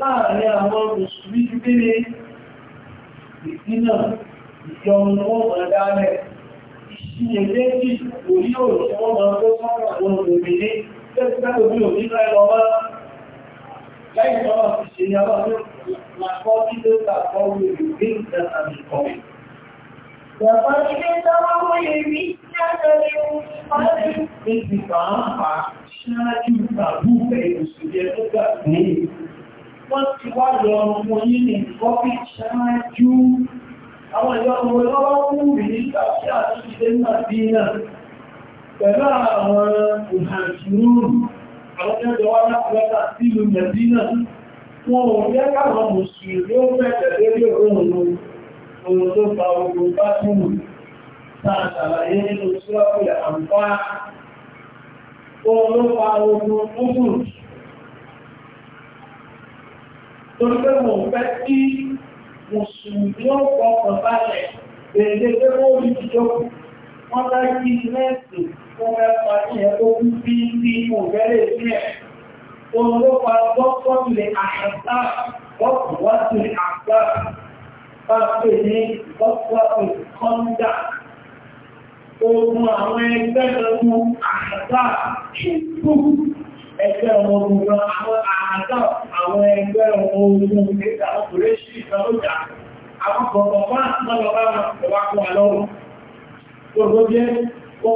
láàrin àwọn mùsùlùmí ju kí ni ìpínà ìjọun wọ́n ìṣìyẹ̀lẹ́jì orí òòrùn ìjọba àmì mú èrí látọ̀lẹ́ òun pàdé. Ìjọba pàápàá ṣáájú tàbí ẹ̀rùsùn jẹ́ tó gbà ní wọ́n ti wá lọ ọmọ yìí ní kọ́bí ṣáájú àwọn ìyọ́mọ lọ́wọ́ fún rí nígbà tí a ti ṣe náà bí náà pẹ̀lú àwọn ìhàjúrù àwọn ẹgbẹ̀ wá láti lọ́ta sílùú mẹ̀dínà wọn ò jẹ́ káwọn mùsùlùmí ó fẹ́ tẹ̀lé ohun ohun tó fa ogun bá fún náà ogun fún torí pé mo fẹ́ kí mùsùlùmí ó fọkàn balẹ̀ èdè pé ó rí ìjókòó wọ́n bá kí mẹ́sì fún mẹ́fà ní ẹgbógún bí bí mo gẹ́lẹ̀ sí ẹ̀ ohun ló pa gbọ́kànlẹ̀ àṣàtà gbọ́kànwátì àgbà pàpẹ ní gbọ́kànlẹ̀ kọ́ńdà ogun àwọn ẹgbẹ́ lọ́gbọ́n àṣàtà ìgbógún ẹgbẹ́ ọmọ ogun gan àwọn àádọ́ àwọn ẹgbẹ́ ọmọ ogun nígbà ọkùnrin sí ìtọ́lọ́jà àwọn kọ̀ọ̀kan fún àtúnlọ́lọ́ lọ́wọ́ àwọn ìjọ àwọn ìlú ojú ìlú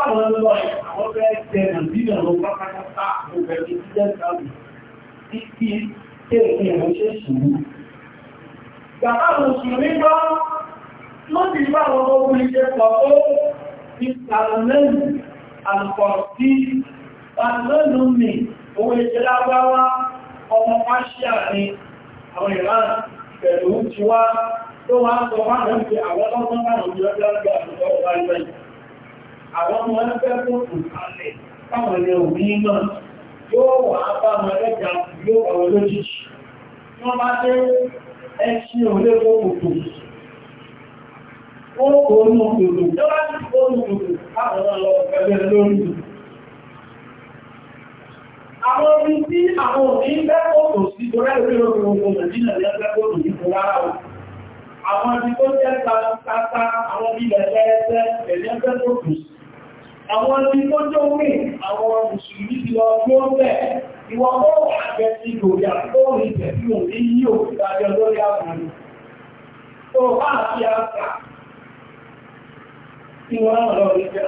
àwọn ọ̀rẹ́ ẹgbẹ̀rẹ̀ ìdínà lọ pátápátá òbẹ̀rẹ̀ kí èyí ìlú ṣe sùúrù. Bàbá Mùsùlùmí gbọ́, ló ti bá àwọn ogun ìṣẹ́ pọ̀ tó ti sàrànlẹ́nu àlùkọ̀ sí sàrànlẹ́nu mi owó ìṣẹ́ lágbáwá ọmọ Pàṣíà ni àwọn ìran pẹ̀lú ti wá tó wá sọ wá lọ sí àwọn ọmọ márùn ún lọ́jọ́ lọ́jọ́ àlùkọ̀ ọ̀gá ìgbẹ̀yìn. Àwọn ọmọ ẹgbẹ́ tó kù kalẹ̀ táwọn ilẹ̀ òbí náà yóò wà bá mọ̀lẹ́gbà yóò ọ̀rọ̀ lójíjì. Wọ́n bá dé ẹṣí olé kòkòtò. Ó kò ní òkòtò, tó bá ti kò ní òkòtò, àwọn ọlọ́ pẹ̀lẹ̀ lórí. Àwọn orí tí àwọn òní lẹ́kòtò sí tó rẹ̀ orí àwọn tí tó jọ mí àwọn mùsùlùmí ti lọ tó bẹ̀ ìwọ̀n kọ́ àgbẹ̀ ti lòdì àkóòrùn ìtẹ̀ tí ò ní yí òfin àjọ lórí àbúrú tó bá àti àṣà tí wọ́n rán lọ rí jẹ́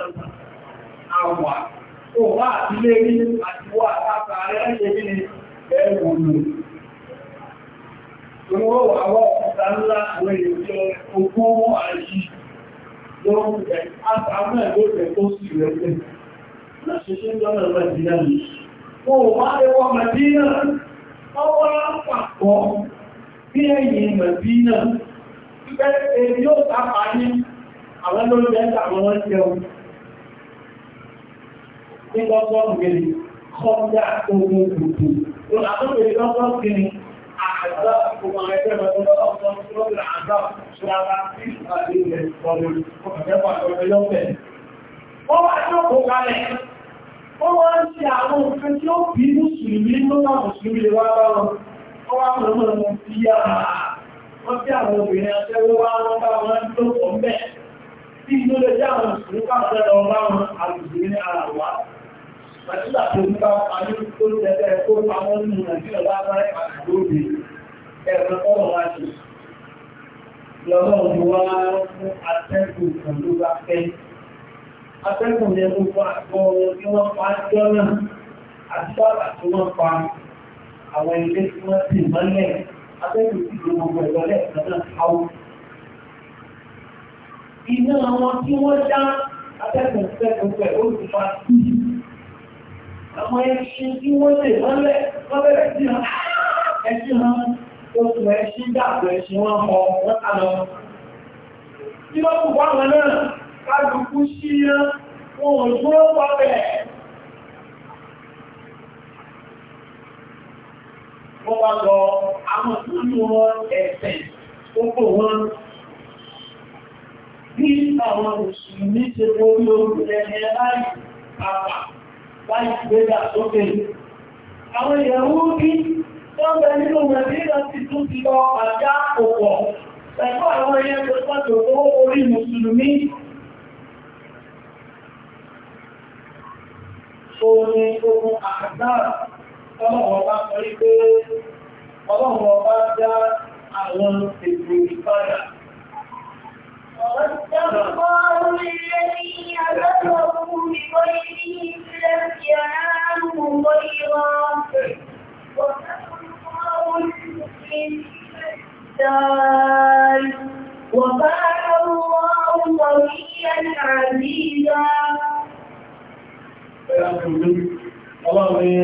àwà tó bá àti lé rí àti wà àtàkà rẹ̀ ṣe bí ẹ̀rù lò lọ́wọ́ rẹ̀ àtàmẹ́ lóòrẹ̀ tó sì rẹ̀ pẹ̀. Láṣẹ́ṣẹ́ lọ́nà Mẹ́dínà ni. Wọ́n wá lẹ́wọ́ Mẹ́dínà, ọwọ́ lápapọ̀ bí ẹ̀yìn Mẹ́dínà, pípẹ́ èyí ó tàpá ní àwọn lóòrẹ̀ tàbí wọ́n jẹun. gẹ̀rẹ̀, العذاب وما يتم تنظر صورة العذاب شرعا في هذه القرون وكما يقول wọ́n wá tí ó kò kalẹ̀ ó wá ń ṣe àwọn òfin tí ó bí mùsùlùmí lọ́nà mùsùlùmí lè wá bá wọn ó wá mọ̀ mọ̀ mọ̀ sí yára wọ́n tí àwọn obìnrin aṣẹ́wó wá wọ́n bá wọn tó pọ̀ mẹ́ tí inú lè jẹ́ àwọn mùsùlùmí pàṣẹ lọ bá wọn àlùsùlùmí ní ara wa pàṣípàṣẹ nípa àwọn tó tẹ̀lé kó àwọn nínú nàìjíríà lábẹ́ ẹ̀rọ ọ̀rọ̀ wá ṣe lọ́wọ́ ni wá fún atẹ́kùn kan ló bá fẹ́ atẹ́kùn yẹn ló fún àgbọ̀ tí wọ́n pa jọ́ náà àti bàbà tí wọ́n pa àwọn ilé tí wọ́n sì mọ́lẹ̀ atẹ́kùn sì ló gbogbo ẹ̀rọ lẹ́ẹ̀kan náà káwọ́ iná àwọn tí wọ́n dá atẹ́kùn sẹ́kùn pẹ̀ ó ti fa sí àwọn oṣù ẹṣin dàgbẹ̀ ẹṣin wọ́n mọ wọ́n tà lọ. Tí ló kù báwọn náà, kálukú sí Wọ́n wá lọ àwọn sókè. Àwọn ìyàwó bí wọ́n bẹ nínú mẹ́rìnlá ti tún ti lọ àjá òpọ̀ pẹ̀lú àwọn ẹyẹ tó pàtó owó orí mùsùlùmí omi ogun àdára ọlọ́wọ́ bá sọ wípé ọlọ́wọ́ bá الإنسان وكان الله قويا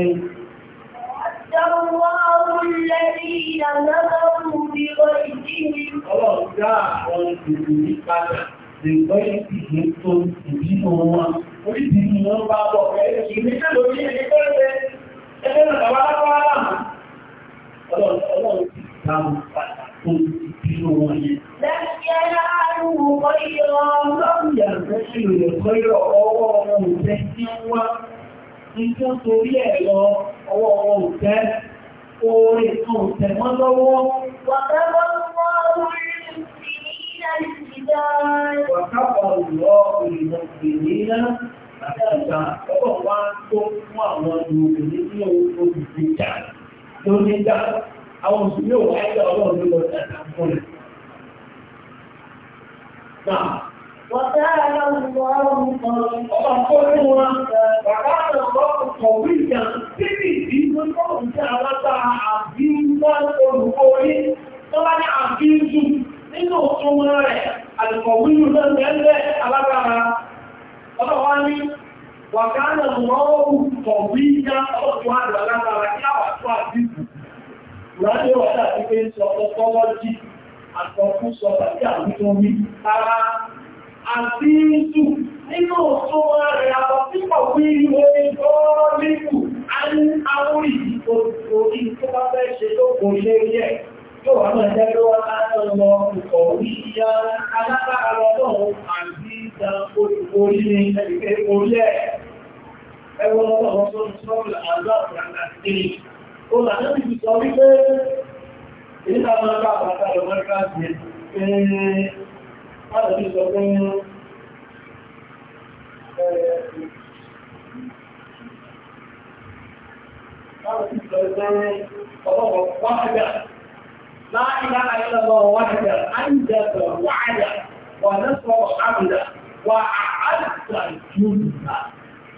عزيزا الله الذين كفروا بغيظهم الله جاء وانتم ìgbọ́ ìpìlẹ̀ tó ìbínú wọn oríṣìí wọn bá bọ̀ ẹ̀rẹ́ ìgbésẹ̀ lórí ẹ̀ẹ́kọ́ ẹgbẹ́ ẹgbẹ́ ìrọ̀lọ́wọ́ ọlọ́run bá ń padà fún ìlú wọn yẹn. Láṣẹ́ aláàrùn ọ̀yọ́ lọ́rùn yàtọ̀ sí ìrẹ̀kọ́yọ̀ ọwọ́ ọmọ òfẹ́ tí ń wá. Ìjọ́ torí ẹ̀ lọ ọwọ́ ọmọ òfẹ́ oore kan òfẹ́ mọ́ lọ́wọ́. Wàtàbọ̀ ọ̀rọ̀ ìrìnà Àdájá ọgbọ̀n wá tó fún àwọn ọmọ òbìnrin ní òun tó ti jà ló ní dá àwọn mùsùlùmí ò wáyé ọlọ́run ló lọ ẹ̀ka fún rẹ̀. Wàtàlá ọlọ́run kan ọba kó ní wọn, bàbá ọlọ́run kan wí ìjà síbi ìdí ló tó ń jẹ́ aláta àbí wọn olùkọ́ orí tó bá ní àbí jù nínú òtún rẹ̀ àlùkọ̀wé yìí ló ń bẹ́ẹ̀ alágbára. Ọlọ́wọ́ ní Wàkánà mọ́rún kọ̀wí já ọ̀tún àdà lágbàrá kí àwàtún àdìkù. Láyé wàdà ti pé sọ ọkọ́lọ́jì àtọ̀kú sọ tàbí àwùjọ mi. Ara àti ìsù nínú òṣó rẹ̀ àwọn tí kọ̀wí orin gọ́ọ́lẹ́kù á ní àwọn ìdíkò orí tó bá fẹ́ ṣe tó kò ṣe rí ẹ̀ yóò wà máa jẹ́ lọ́wọ́ látọ̀lọ ìkọ̀ oríyá alágbára lọ́wọ́ àti ìta orí ní ẹgbẹ́ orí ẹ̀ ẹwọ́n lọ́wọ́ tó ń sọ́rọ̀ àjọ́ àti ó lànà ìbí sọ wípé ìlà máa bá àpàtà lọ́mọ́ká sí ẹ̀ẹ́ pàtàkì sọ fún Ọlọ́pàá pàájá لا إله إلا الله وحده أنجز وعده ونصر عبده وأعز جنده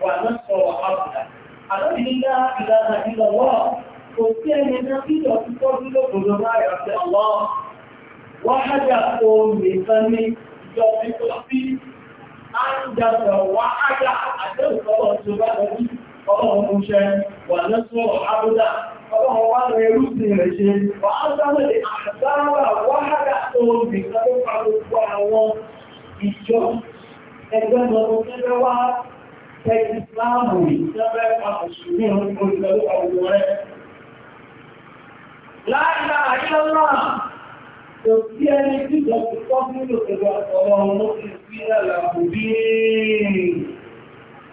ونصر عبده أقول لا إله إلا الله وكان النبي يقول له الله وحده قوم بفمه يوم القيامة أنجز وعده أنجز الله سبحانه ọlọ́run mú ṣẹ wà lẹ́sọ́ àbúdá ọlọ́run wá rẹ̀ rúsìn rẹ̀ ṣe wà á sáwọ́lẹ̀ àtàwà wáhádà tó bì sọ́dọ́pá gbogbo àwọn ìjọ ẹgbẹ́ lọ́dún tẹ́fẹ́ wá tẹ́ ìsìláàmù ìjọba pa òṣùmí olùsọ́dọ́pá gbogbo rẹ̀ láàrín àyílọ́lá kò sí ẹni tí ìjọ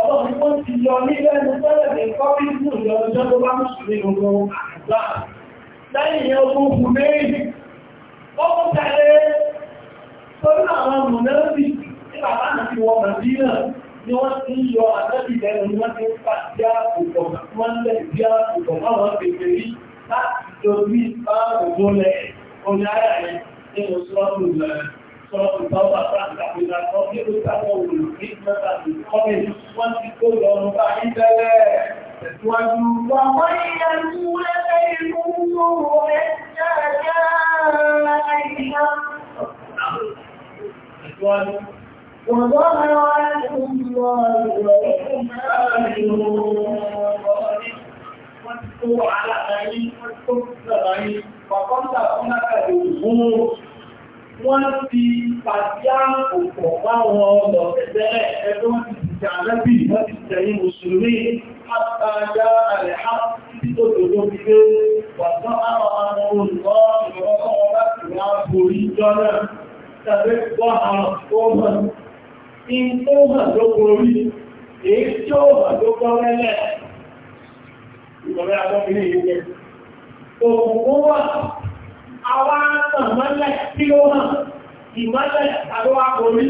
ọlọ́run tó ti yọ nílẹ̀ ní tẹ́lẹ̀ ní kọ́pínú ìyọ ọjọ́ tó bá mùsùlùmí gbogbo àgbà lẹ́yìn ìyẹn ogun kù méjì ọmọ tẹ̀lé àwọn mọ̀lẹ́bí ní náà ti wọ màbí náà ni wọ́n ti ń yọ àtẹ́bí lẹ́nu wọ́n ti ń pa díá sọ ìtọ́wà sàgbàgbà sọ bí ó sáwọ́ olùrí mẹ́ta lè kọ́lẹ̀ wọ́n ti kó lọ ń bá ní tẹ́lẹ̀ tẹ̀síwájú. Wàwọ́ ìyàlú lẹ́fẹ́ ìlú rẹ̀ jẹ́ àìyá. Tẹ̀síwájú. وظهر عنهم الله وهم آمنون واذكر على غير واذكر لغير وقد هناك جمهور wọ́n ti pàtíyàǹkò pọ̀ báwọn ọlọ̀ tẹ́lẹ̀ ẹgbẹ́ wọ́n ti tìjà lẹ́bì wọ́n ti tẹ̀yìn mùsùlùmí látàjá àrẹ̀há tí tó tòrò fi dé wàtọ́ àwọn ọmọ olùkọ́ ìrọ̀lọ́wọ́ láti wá borí jọ́nà tàbí gbọ́ àwọn tó hàn in tó hàn tó borí èyí tí ó hàn tó gbọ́ lẹ́lẹ̀ ìgbọ̀rẹ́ àwọn àtàmọ́lẹ̀ tí ó hàn ìmọ́lẹ̀ àríwá orí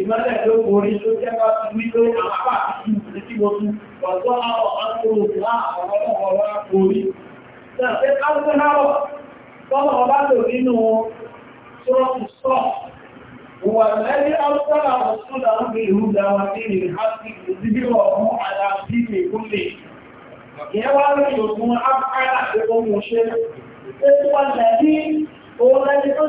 ìmọ́lẹ̀ tó orí tó jẹ́ bá ti wí tó ah, àpá àti tí mo tún ọ̀tọ́ àwọn akọròkù àwọn orí Ìjọba káwọn náà, tọ́lọ̀ ọba tó nínú ṣọ́ọ̀tù sọ́ọ̀tù هو الذي أرسل رسوله بالهدى ودين الحق ليظهره على دين كله. Ìyẹ́wà lórí òkun àpárá ìgbóhùn ṣe Ètò ó ṣìgbò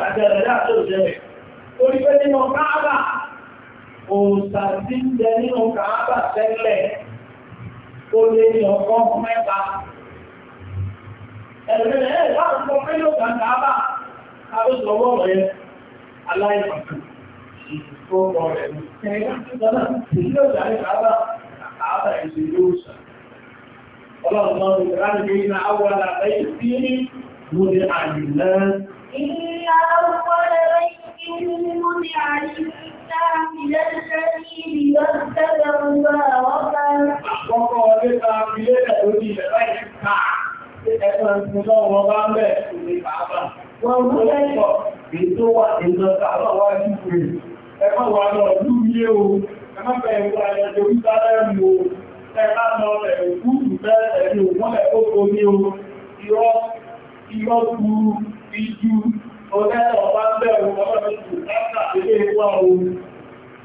jẹ́ rẹ̀ látò rẹ̀. Orí pé nínú káàbà òòsà tí ń jẹ nínú kàábà tẹ́lẹ̀ tó lé ní ọkàn mẹ́ta. Ẹ̀rẹ̀ ẹ̀ láti sọ pé yóò gbà kàábà káàbó sọ wọ́n rẹ̀ aláìsàn. Ìfowópamọ́ rẹ̀ ní ẹ̀ka tó dáná tí yóò gbà kàábà kàábà ìṣe yóò sà. Ọlọ́run náà ń gbà àwọn àlàyé sí rẹ̀ kí ní Mùdí Àdìlẹ́. من السبيل واستبعوا ما وقع وقال تعملنا تريد أن تسمع ìwà ẹjọ́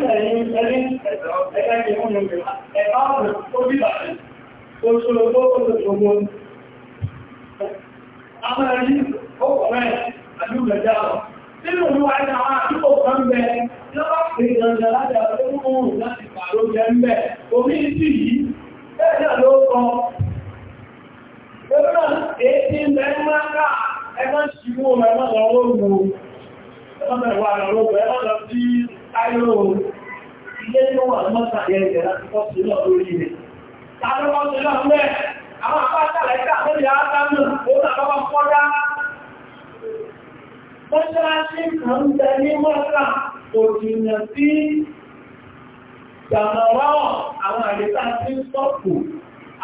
tí ẹ̀yìn ẹni ẹ̀yà ìmúnú ẹ̀bá ọ̀rọ̀ tó bí bàrẹ̀ tó ṣológbó olóṣogbo amára ní ọkọ̀rẹ́ àdúgbẹ̀dá nínú olúwa ẹ̀nà àwọn àdúgbò kan bẹ lọ́wọ́ pé ìjọba láti àdúgbòrùn láti pàró jẹ ń bẹ̀ omi sí yìí bẹ́ẹ̀ náà ló kọ Ebúrò èédí ń bẹ ń máa ká ẹgbẹ́ ṣìwó ẹgbẹ́ lọ́wọ́ ògùn ẹgbẹ́ ìwà àrọ̀lọ́gbọ̀ ẹgbẹ́ lọ sí táyọ̀ ilé tí wọ́n wà mọ́ta ẹ̀rẹ̀ láti kọ́ sí náà lórí rẹ̀. Tàbí wọ́n ti náà mẹ́ àwọn àpáta ẹ̀ka lórí àátánù òun àbábá fọ́dá. Mọ́ṣáláṣí kan ń bẹ ní mọ́ta kò jìnà sí Gbàmọ̀wọ́ àwọn àyíká tí ń sọ́pù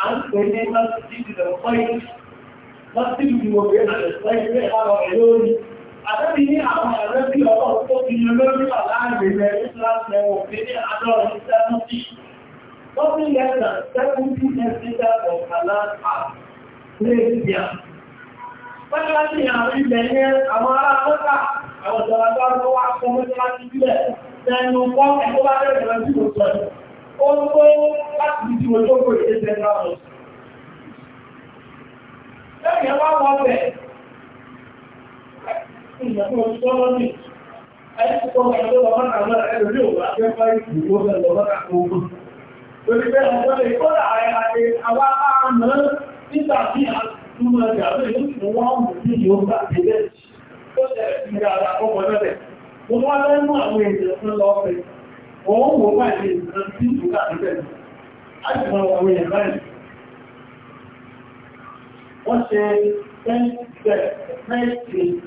à ń pè ní Mọ́sílì ìdìbò pọ́ìntì. Mọ́sílì ìdìbò pé àlẹ́ pọ́ìntì Àdẹ́bí ní àwọn ẹ̀rẹ́ bí ọlọ́run tó fi yan lórí wà láàrin rẹ̀ Islam lẹ́wọ̀n pé ní àádọ́rin sẹ́mùtì. Nothing less than seventy centimeters of Allah's heart plays there. Mọ́tíláṣí àwọn ilẹ̀ yẹn àwọn ará mọ́ta àwọn ìjọba tó ń wá sọ mọ́tíláṣí sílẹ̀ lẹ́nu kọ́ ẹ̀kọ́ bá bẹ̀rẹ̀ lọ sí òṣèlú. Ó ń tó láti di ìdíwọ́ tó kò ìdíjẹ́ náà lọ. Lẹ́yìn wá wọ́n bẹ̀ Nígbàtí wọ́n ṣe 10 steps, 9 steps,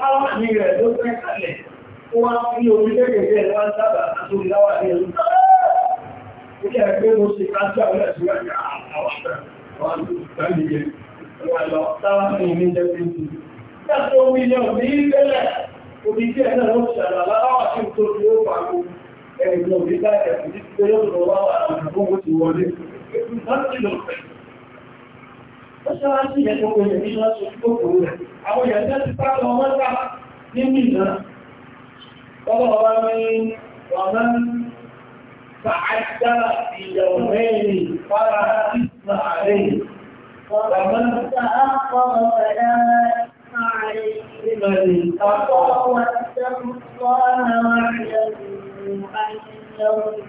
táwọn ní rẹ̀ ló fẹ́ kalẹ̀ ó wá fi omi lẹ́gẹ̀ẹ́gẹ́ wá ń dábàá àti oríláwà ní ẹ̀rù ó kẹ́ pé mo ṣe kájú àwọn ẹ̀sùn láti àwọn ọ̀sẹ̀ wọn ló gbá nìyẹn wọn lọ táwọn ní omi jẹ́ pé ti dáṣọ omi yẹn ò ní lẹ́lẹ̀ omi tí ẹ̀ náà ló ṣàlà láwà tí ó mọ́ṣáláṣí yẹn tó kò yẹn ní ṣọ́ṣọ́ ìgbòkòrò rẹ̀ àwọn èèyàn tẹ́ ti pàtàkì ọmọ ẹ̀ta ní mìíràn tọ́lọ̀ ọba ní ọ̀nà sàájá ìyàwó mẹ́rin fara ìsìnà àrẹ ọ̀nà sàákọ̀ ọ̀rẹ́ Ìmọ̀lẹ̀ ìtàkọ̀ wọ́n tẹ́ mú sọ́nà wáyé ìrìn àìyàn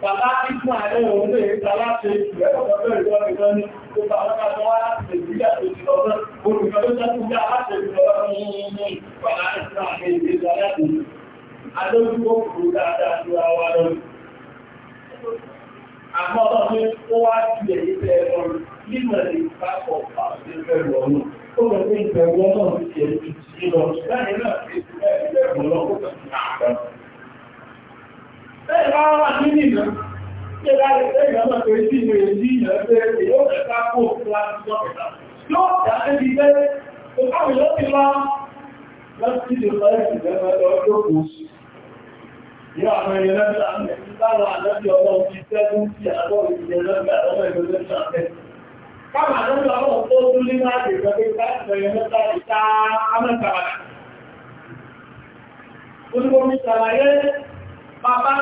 bàbá láti fún bí aláṣẹ ní ìpàdá láti adójúkò kúrò Àmọ́ ọ̀dọ́ pé ó wá ti ẹ̀yí tẹ ẹ̀rọ nígbà tí àti ìbẹ̀rù ọ̀nà. Ó lọ pé ìbẹ̀rù ọ̀nà ti ṣe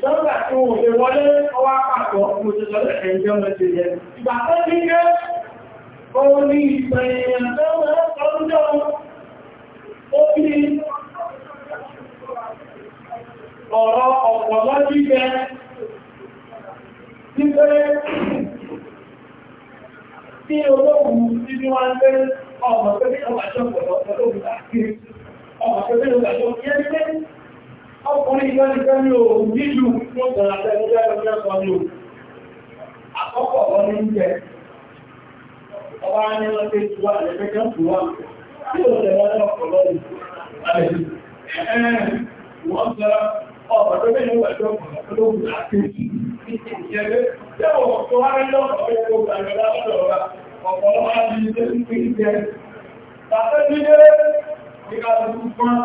ṣùgbọ́n tí wọ́n lè wọlé ọwá pàtó mo ti sọ lẹ́ẹ̀kẹ́ ìjọ mẹ́sẹ̀ yẹ ìgbà tó ní gẹ́ òun ní ìpẹ̀yìn ọmọ pẹ́lú ọgbàṣọ́ pọ̀lọ́ ọmọ pẹ́lú ọkùnrin ìgbẹ́nìkan ní òun nílùú ló tẹ̀rẹ̀ àtẹ́gbẹ́ ẹgbẹ́ ní àkọ́kọ́ wọn ní jẹ ọba ní wọ́n tẹ́ tí wà lẹ́gbẹ́gbẹ́ tí wà tí ó tẹ̀rẹ̀ lọ́pọ̀ lọ́rùn wọ́n tẹ́ ọ̀pọ̀ tó bẹ́ẹ̀ ní wà tó kọ̀ lókùn láti ìjẹ́gbẹ́ tẹ́ ọ̀pọ̀ wá lọ́pọ̀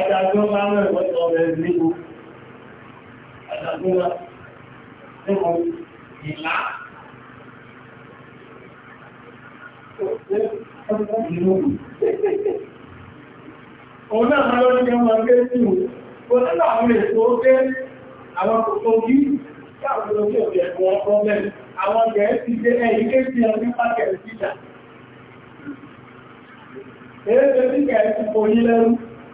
Adájọ́ máa rẹ̀ wọ́n ọ̀rẹ́ nígbò. Adájọ́ máa nígbò ìlà. Òun náà máa lọ́dún kẹ́ máa gẹ́ sí òun. Kò nílò àwọn èso ó gẹ́ àwọn kòtò kí káàkiri orí ọ̀dẹ̀ ẹ̀kọ́ ọkọ̀ mẹ́rin. Àwọn gẹ̀ẹ́sì jẹ́ ẹ̀yí kéèkì ọdún pákẹ̀ẹ̀ síjà. Èé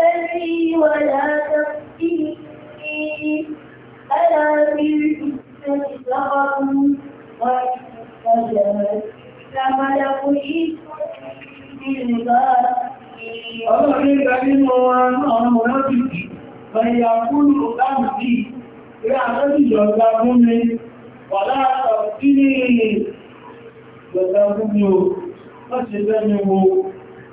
بري ولا تفتني ألا بالفتنة سقط وإن لملك Ọlọ́run ní ìgbà nínú wọn ọmọ ọlọ́dìdì, bẹ̀yà kúrò láti bí, rí àtọ́jìjọ ọ̀gá fún mi, wà láàtọ̀ sí ní ìgbẹ̀gbẹ̀ fún mi o, lọ́ṣẹ̀ẹ́ bẹ́ni wo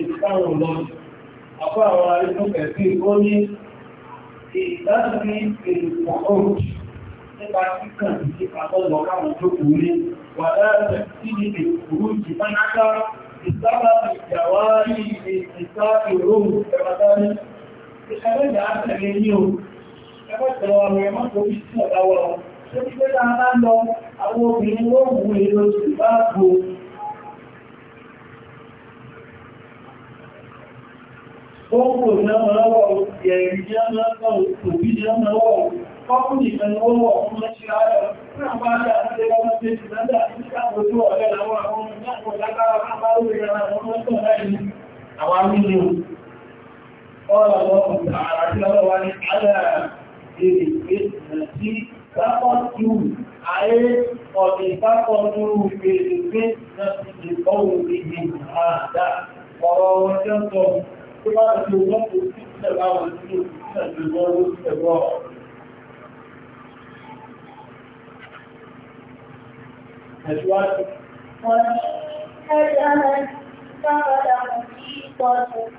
ìtàrùn lọ àpá àwọn arìnkúnkẹ̀ sí ó ní ìdájú ìrìnkọ̀ọ́rù nípa kíkàn sí àtọ́lọ̀ káwọn tó kù ní wà láàrẹ̀ sí ìrìnkúrú ìpánáká ìsára ìjàwárí ìsá ìròhùn ẹ̀mọ̀dárí ìṣẹ́lẹ̀ ìyá àtẹ̀lẹ̀ ní o ẹgbẹ́tẹ̀lọ àwọn ẹmọ́ tó bí sí ọ̀dáwọ̀ Gbogbo ìjọmọ̀ lọ́wọ́ ẹ̀rì jẹ́mọ̀ lọ́wọ́ òbí jẹ́mọ̀ lọ́wọ́ ọkùnrin ìfẹ̀lẹ̀ lọ́wọ́ ọkùnrin mẹ́ṣẹ́ ààrẹ fún àbájá àti ẹgbẹ́ ọmọdé ti lọ́dá àti ìṣàkójú ọ̀rẹ́ àwọn àwọn ọmọdé lágbára bá lórí ìrànà àwọn ọmọdé láìní àwọn amílò. Ọlọ́ ọkùnrin àti lọ́wọ́ ní alẹ́ èrè ìgbésìnà sí lápọ̀tù ayé ọ̀dẹ̀ ìpápọ̀tù ìgbésìnà sí ìkọ́wò ìgbésìnà àdá ọ̀rọ̀ ọjọ́ tó bá ti lọ mọ́ kò sí ìṣẹ́ láwọn tí ó ti ṣẹ́ ti lọ ó ti What? o ẹ̀ṣùwájú. Wọ́n ẹ̀yà sábàdà sí sabada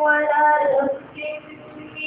ولا يفتني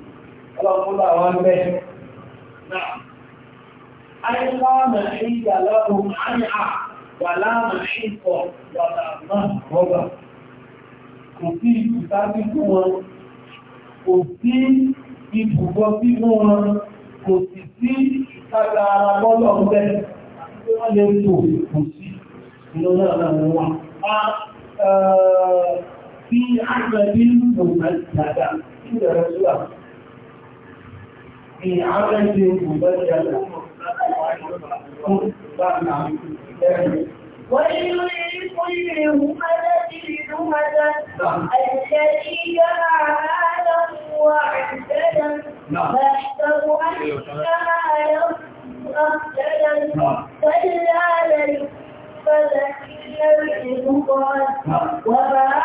ọlọ́pùlà wọn bẹ́ Àìláàmà ìgbà lọ́rùn àyà wà láàmà ìfọ̀ wà láàmà rọ́gbà. Kò sí ìpùtà sí fún wọn, kò sí ìbùgbọ́ sí fún wọn, kò sì sí ìtàgbà bọ́lọ̀ bẹ́ wọ́n lè tò kò sí sí ìrẹ̀rẹ̀ في عدد مبدل ويل لكل همزة نعم. نعم. لمزة نعم. الذي جمع مالا وعددا يحسب أن ماله أخلدا كلا لينبذن في القرى وما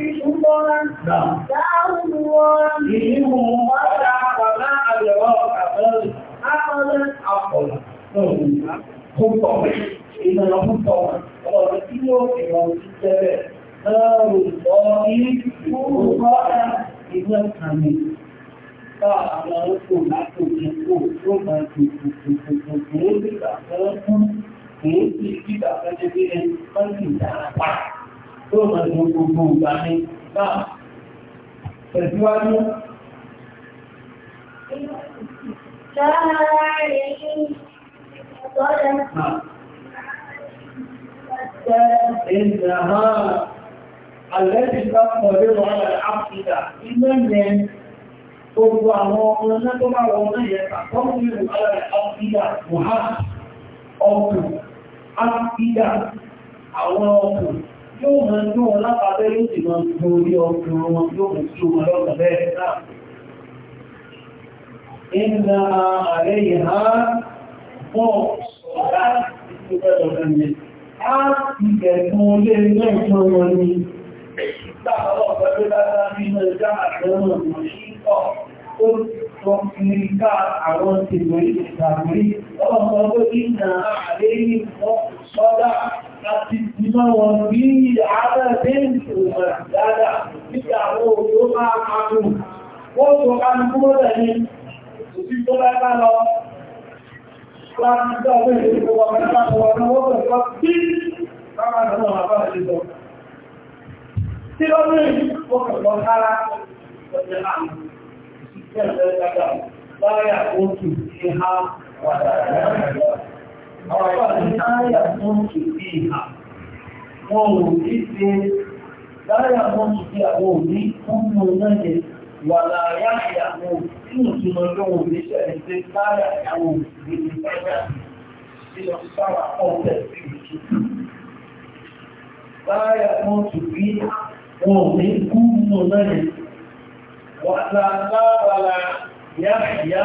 شكرا دعوا الله منهم ولا فما أدراك من أخذت أخذت خطبة إذا خطبة قال كيلو إمام السبع نار الله مرضى إذا كمل Àwọn ọkùnrin láti ìjẹ́kù tó máa ti kùkùkùkù kìí sí ìgbàfẹ́ fún kìí sí ìgbàfẹ́ jẹ́ bí ẹni fún ìdára pàá tó mọ̀ sí gbogbo ìgbà ní náà tẹ̀síwájú. Ìjọba Àlẹ́bí bá pọ̀lé wọ́n Áfíríkà, ilé ọmọ náà tó bá wọ́n náà yẹ wọ́n Áfíríkà, ọkùn, Áfíríkà, àwọn ọkùn, yóò máa ní wọn lápapẹ́ yóò sì máa tó orí ọkùnrin wọn yóò mú sí wọn lọ́gbà bẹ́ẹ̀ náà iná ààrẹ ìhá mọ́ ọ̀gá ìgbẹ́ ọ̀gá ni a ìgbẹ̀kùn olé mẹ́rin wọn ni láàárọ̀ pẹ̀lú dáadáa nínú ẹja àtẹ́rùn ọ̀nà ṣíkọ̀ ó sọ kiri ká àwọn tèmọ̀ ìgbàgbé ọmọ ọgbẹ́ ìnà ààrẹ ìmọ̀ sọ́dá láti wọn bí àádọ́dé ìṣòro dáadáa nígbà àwọn òjò máa kàrù wọ́n tó ká ní kúrò tẹ̀lé òsì tó lẹ́gbà lọ láti ìjọ́ ọ̀gbẹ́ ìṣòro wọn mẹ́ta wọn ni wọ́n tẹ̀lé bí káàkiri àwọn ọ̀rọ̀ láyà fún kìí ìhà wọn ò ní ṣe láyà fún kìí àwọn òní fún mú lẹ́yẹ wà láyà àwọn òsínú tí wọ́n lọ́wọ́ ní ṣẹ̀rẹ̀ sí láyà àwọn òsínú láyà sínú sára ọ̀tẹ̀ sí ìṣú láyà fún kìí wọn ò ní kú mú lẹ́yẹ wà láyà yáyà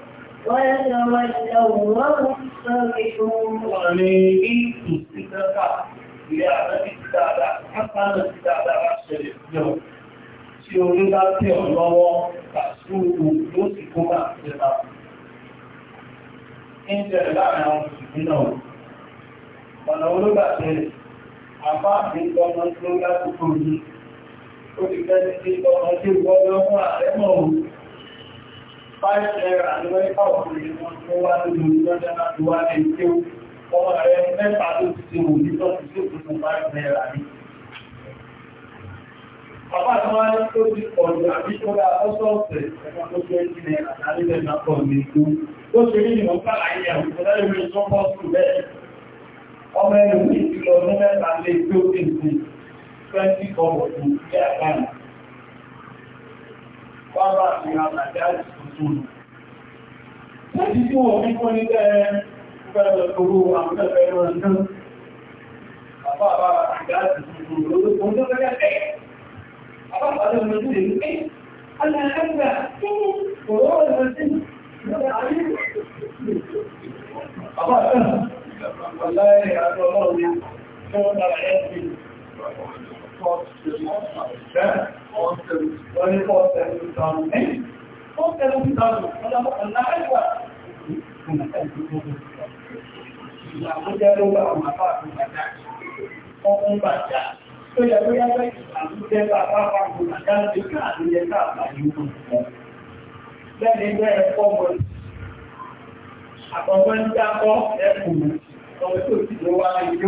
ويتولوا وهم فرحون ولئن تسلك لأعلم الكتابة حتى الكتابة أحسن اليوم tí orí bá tẹ́ ọ lọ́wọ́ pàṣúrù ló sì kó bá ìjọba. ń tẹ̀lẹ̀ láàrin àwọn òṣìṣẹ́ náà ọ̀nà olóbà tẹ̀lẹ̀ àbáàbí ọmọ tí ó lásìkò yìí ó ti fẹ́ sí ọmọ tí ó gbọ́ lọ́wọ́ àrẹ́mọ̀ òun five ọmọ rẹ̀ ti lọ ní mẹ́ta lé tó ti ń sìn twenty ọdún ní àgbáyé bábá Láti tí wọ́n ní ní tẹ́ fẹ́lẹ̀ gbogbo àwọn ẹgbẹ́ wọn náà. Bàbá tuntun lórúkọ tó fẹ́lẹ̀ ẹ̀ àjọ ọlọ́run ni, tí wọ́n ẹ́ Ọkùn bàjá tó yẹ tó yẹ́gbẹ́ ìsàmúdẹ́ bàbá àwọn àjá ti káàkiri ẹ̀ká àbàyí wọn. Lẹ́ni bẹ́ẹ̀ fọ́mọ̀ àkọ́gbọ́n jábọ́ ẹkùn ọ̀rẹ́ tó ti lọ wá ilé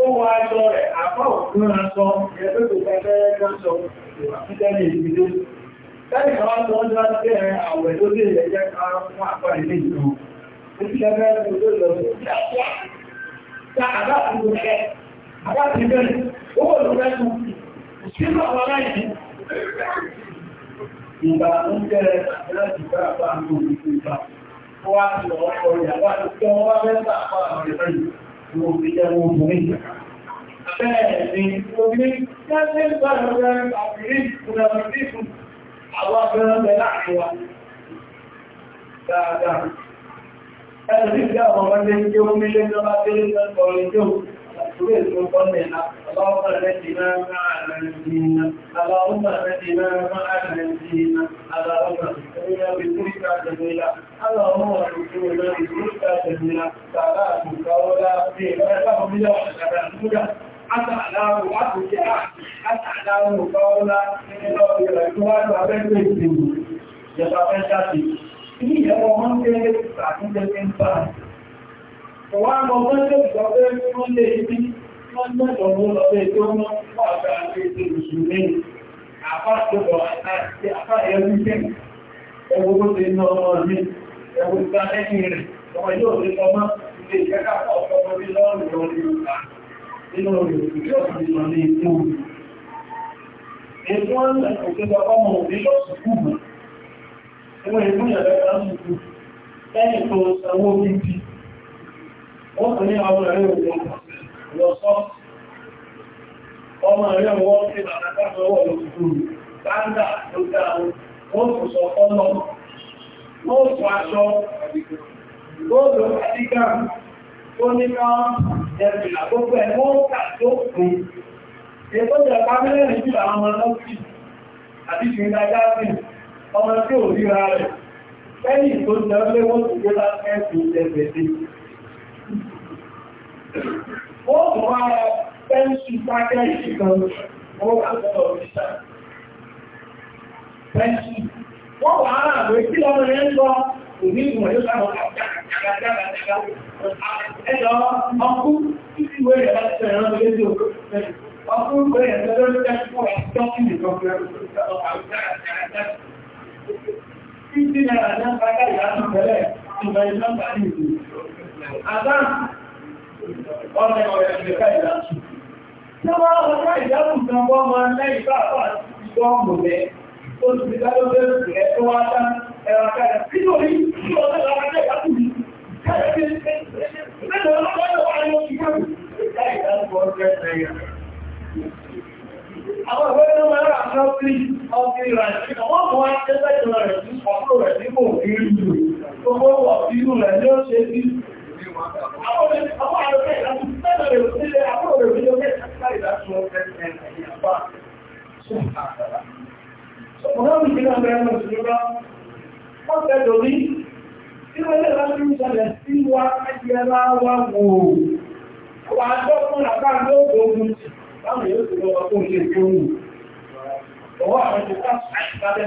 Ó wá aṣọ rẹ̀ àpá òkú aṣọ ẹgbẹ́ tó pẹ́pẹ́ gáṣọ ìwàfíjẹ́lẹ̀ ìgbìdó. Tẹ́lì kan wá tó ń dá sí ẹ̀rẹ àwẹ̀ tó lè rẹ̀ jẹ́ káàrọ fún àpá ilé ìlú. Ó ti lẹ́gbẹ́ ẹgbẹ́ tó lọ sí ìjàpá. Tá àbá ti gbẹ̀ẹ́, àbá ti gbẹ̀ẹ́, ó wò ló fẹ́ ìgbà tó ń láti bá àwọn òṣìṣẹ́ ìgbà ó wá sí tí wọ́n ń bá ọ̀rẹ́ àbìrí ń jẹ́ omi lẹ́jọ́ bá délé lọ́kọ̀ọ́rin jẹ́ òkú اللهم اهدنا مع الذين اللهم اهدنا مع الذين اللهم اهدنا بكلك جميلا اللهم اهدنا بكلك جميلا صلاتك ولا سيرك بلا شرك أتعلم أتجاه أتعلم قولا إن ربي رجوان وأبنك الدين يتفشى فيه إيه هو من كيف تعتمد الإنسان Ọwá mọ mọ́jọ́ ìgbàgbé wọ́n lè ibi, wọ́n mọ́jọ mú lọ́pẹ́ tó mọ́ fún àgbà àti ètò ìṣúlẹ̀ àpáàtọ̀bọ̀ àti àpáàyẹ̀wú jẹ́ ẹgbogbo ti ná ọmọ mi, ẹgbogbo ìgbà lẹ́yìn rẹ̀, ọmọ yóò lè ọmọ ilé ìjẹ́ká ọ̀pọ̀ ọmọ mi lọ́rùn lórí ìgbà nínú ìrìnkú yóò fi lọ ní ikú. Ètò wọn lè kò tó lọ ọmọ òbí lọ́sùkú mọ̀. Ẹgbẹ́ ìmúyàlẹ́ lọ́sùkú, lẹ́yìn tó wọ́n àwọn ẹ̀rẹ́ òun lọ sọ ọmọ ẹ̀rẹ́ wọ́n tí bàbá káàkiri ọwọ́ lọ sí ìlú báńdà tó dá wọ́n tún sọ ọlọ wọ́n tún aṣọ lóòdó àdíkà tó ní ọmọ tí ò ríra rẹ̀ lẹ́yìn tó jẹ́ lé wọ́n tún gbé láti ẹ̀sùn ẹ̀sẹ̀ ó mú ara pẹ́ńsù pákẹ́ ìṣìkan ó wà lọ́wọ́ òrìṣà pẹ́ńsù wọ́n ń lọ òní ìmọ̀ yóò sáwọn àgbàgbàgbàgbà náà bá káyà á ń ọ̀nà ọ̀rẹ́ ìgbẹ̀ká ìdájú. Tí wọ́n ọ̀rẹ́ ìdájú kan wọ́n máa lẹ́yìn bá àpá ìgbọ́n mọ̀lẹ́ tó ti dájọ́ bẹ́rẹ̀ rẹ̀ tó wá dá ẹran kẹrẹ. Nítorí tí wọ́n tẹ́lá wọn lẹ́yìn láti rí kẹ́ẹ̀kẹ́ mẹ́lẹ̀ ọlọ́dọ̀ wà ní ìgbẹ̀rù ìgbẹ̀ká ìdájú ọ̀rẹ́ ẹ̀yà. Àwọn ìwé tó máa rà ń lọ́pí ọdún ìrànṣí, àwọn ọmọ wa tẹ́lẹ̀ jọ rẹ̀ sí ọ̀pọ̀ rẹ̀ nígbò ìrìnlẹ̀ tó wọ́n wọ̀ sínú rẹ̀ ní ó ṣe bí Ọwọ́ àwọn ìjọba àti ìgbàdẹ́.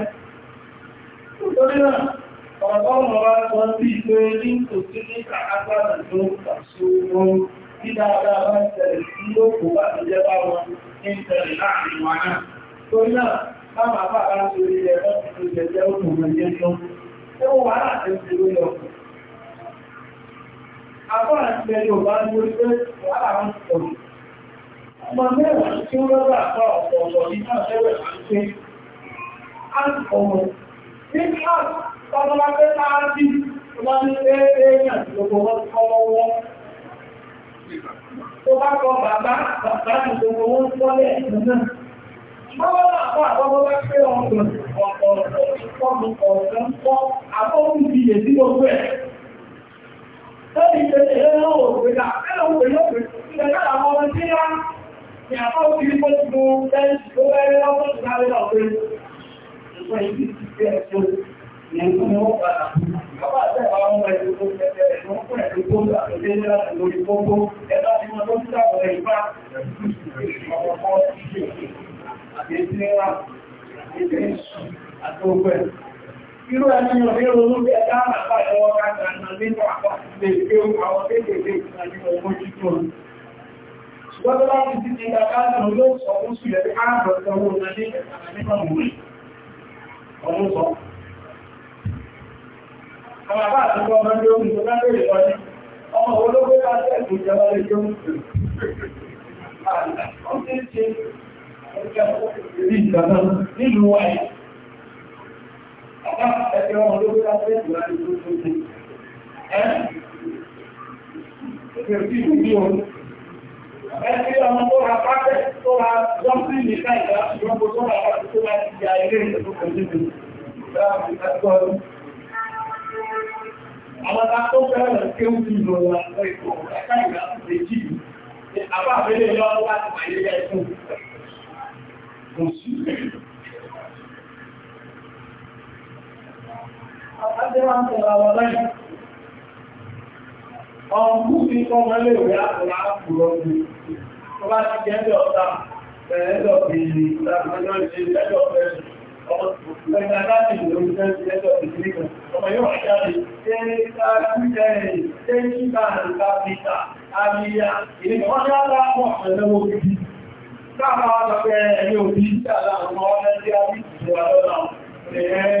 Nítorí náà, Ọgọ́rùn-ún wá sọ sí pé ní kò sí ní àgbàrà tó pàṣẹ ohun tí dáadáa bá tẹ̀lẹ̀ sí lókò bá ti jẹ́ bá wọn ní tẹ̀lẹ̀ láàrin wọn náà. Torí náà, báwọn àbá bá ń torí ẹ̀rọ tuntun jẹjẹ́ òkùnrin jẹ́ tó. Ó wà láti ṣe lórí ọkùn. Àbá àti ẹ̀yọ̀ bá ń lórí pé wà láwọn ọ̀rọ̀. Ọmọ mẹ́wàá tí ó rọ́gbà àpá ọ̀pọ̀ ọ̀pọ̀ nígbà fẹ́rẹ̀ àti pé á ń kọmọ Níbi àti ọmọlá pé láàájí, wọ́n ní pé èèyàn lọ́pọ̀ wọ́n kọ́lọ́ wọ́n. Tó bá kọ bàbá, bàbá ìgbòho wọ́n kọ́lẹ̀ ìgbòho náà. Mọ́wọ́n náà kọ́ àkọ́kọ́ bá pé ọkùnrin ọ̀pọ̀lọpọ̀ ìkọ́lù ọ̀kan kọ́ àkọ́kùn ti yè sí gbogbo ẹ̀. Lọ́dí ìgbésẹ̀ lọ́wọ́ òpèdà, ẹ̀lọ́ òpèdà ìgbẹ̀ká àwọn ọmọ tí wá ní àkọ́kùn ti rí pọ́ ṣùgbọ́n ibi ti fẹ́ ẹ̀dá tí wọ́n tó àti nínú àpapọ̀ ìgbé àwọn kéèkéèké ìsinmi ọmọ jíjọ Gbọ́dọ̀ láti ti ti ìgbàkáàtì ló sọ fún sílẹ̀ bí ààbọ̀ ìsanwó ọ̀nà ní ẹ̀ka nípa ọmọ sọ. Àwọn àbá àtúkọ ọmọ ní omi tó lábẹ́ ìlọ ní ọmọ olóògbé bá tẹ́ ìlú ìjọba lè jẹun. Àwọn tí ń ṣe ìjọba ìjọba nílùú wáyé. Àbá ẹgbẹ́ ọmọ olóògbé bá tẹ́ ìlú ìjọba lè jẹun. Ẹ́ Ẹni ọmọ tó ra pápẹ́ tó ra lọ́pìn ní káìdá ìrọ́gbò tó ra pàtàkì tó ra ti ya ilé ìtòkò nínú ìdáàbìtàkọ́rù. Àwọn ta tó fẹ́rẹ̀ kí ó ti lọ wà lọ ìkò ẹ̀ká ìgbà ti jì àbá àbẹ́lẹ̀ lọ láti pàyẹ́ yẹ fún òṣù ọmọ bí kọmọ lè rí àpùrá àpùrọ̀ ní ọba ti gẹ́ẹ̀dẹ̀ ọ̀tá ẹ̀ẹ́dọ̀ bí i ìtàkùnjọ́ ìṣẹ́lẹ̀dọ̀ fẹ́ẹ̀sì ọmọ ìgbẹ̀gbẹ̀ láti ìlú ìṣẹ́lẹ̀dọ̀ ìṣẹ́lẹ̀dọ̀ ọmọ yóò jáde tẹ́ẹ̀ẹ́ta kújẹ́ tẹ́ẹ̀kíkà nípa pítà àríyá ìrìnà wọ́n yá lápọ̀ ẹ̀lẹ́wọ̀ òbí káàkà wọ́n sọ pé ẹ̀yẹ òbí ìjàlá àwọn ọmọ ẹgbẹ́ àbí ìjọba lọ́nà ẹ̀ẹ́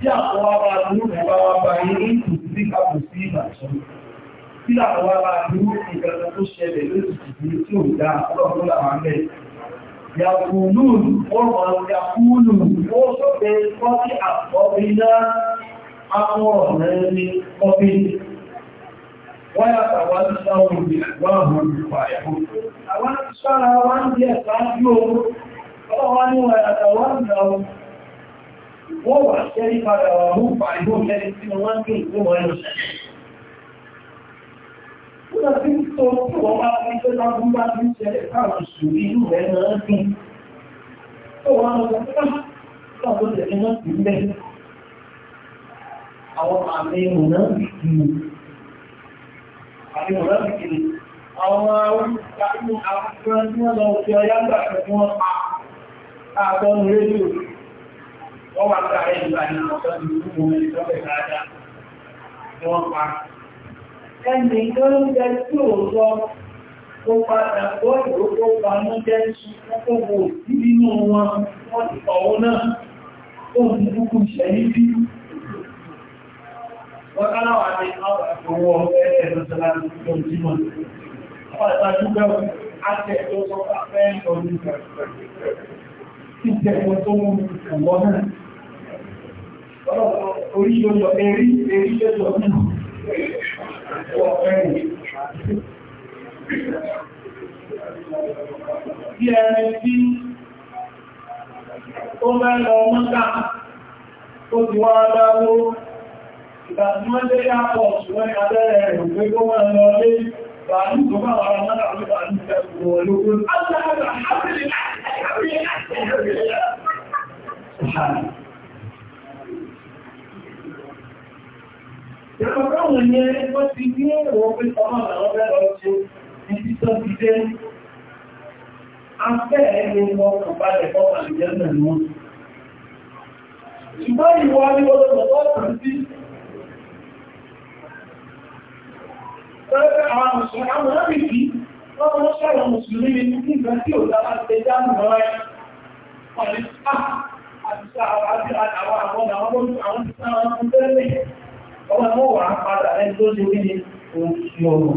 tí àwọn ará àdúrú bá wá bá yí ní kò sí kàkò sí ìbàṣọ́ tí àwọn ará àdúrú ìgbẹ̀rẹ̀ tó ṣẹlẹ̀ lóṣìṣì tí ó dá ọlọ́run làwọn mẹ́ yàkùnún ọmọ yàkùnún ó sọ́bẹ̀ kọ́tí àkọ́bìnà àwọn ọ̀rẹ́ ní kọ́bí wọ́n yàtà wá ní sáwọn ìgbà àwọn olùfà ẹ̀kọ́ àwọn sára wá ń bí ẹ̀ká yóò ọlọ́wọ́ ní wọ́n yàtà wá ń wọ́n wà ṣẹ́rí padà wà mú pàdé ọ̀ṣẹ́rí tí wọ́n ń gbé ìgbìmọ̀ ẹnu ṣẹlẹ̀. Ó lọ sí tó tí wọ́n bá fi ṣe lágún bá ti ń ṣẹlẹ̀ káàkiri sùn inú rẹ̀ ah, náà ń gbìn. wà ń lọ sí káàkiri tẹ̀lé náà sí bẹ́ẹ̀. Àwọn àmì ìrùn Àmì ìrùn náà bì Àwọn akẹ́kọ̀ọ́ tí lọ fi ọyá gbà pẹ̀lú wọn wọ́n wá sáré ìgbà ní ọ̀sán wọ́n pa. ẹni tó ń jẹ tí ò sọ kó padà bọ́ ìrókò pamọ́ jẹ́ ń dúkú wọ́n ká ní àwọ̀ ẹ̀ẹ́dẹ̀ tó sọ́lá ní tó sọ fẹ́ ọdún ìgbà. Ìjẹ̀kùn tó orí yóò lọ erí erí yóò lọ nínú ọ̀fẹ́rì bí ẹni tí ó mẹ́lọ mọ́ta ó ti wá dáwó ìgbàtíwọ́dé yàpọ̀ ṣùgbọ́n abẹ́rẹ̀ rẹ̀ pé kó wọ́n lọ lé bàánù tó bá wà mọ́ta ló bàánù tẹ́kùn ológun Subhanallah Ìjọba yẹn wọ́n ti ní ẹ̀wọ̀n pé ọmọ àwọn ọ̀rẹ́ lọ ṣe ní títọ́ ti jẹ́. Afẹ́ ẹni wọn kò bá lẹ̀ fọ́ àìjẹ́ náà ni wọ́n. Ṣùgbọ́n ìwọ ni olóòtọ́ kan sí. Ṣẹ́rẹ́ àwọn mùsùlùmí, àwọn mùsùlùmí, wọ́n mọ́ ṣẹ́rẹ̀ mùsùlùmí ní ìgbà tí ò dára ṣe dáàmù rẹ̀. Wọ́n ni, ah, àti àwọn àwọn àwọn àwọn àwọn ọmọ mọ́ padà ẹni tó ṣe wí ní ọmọ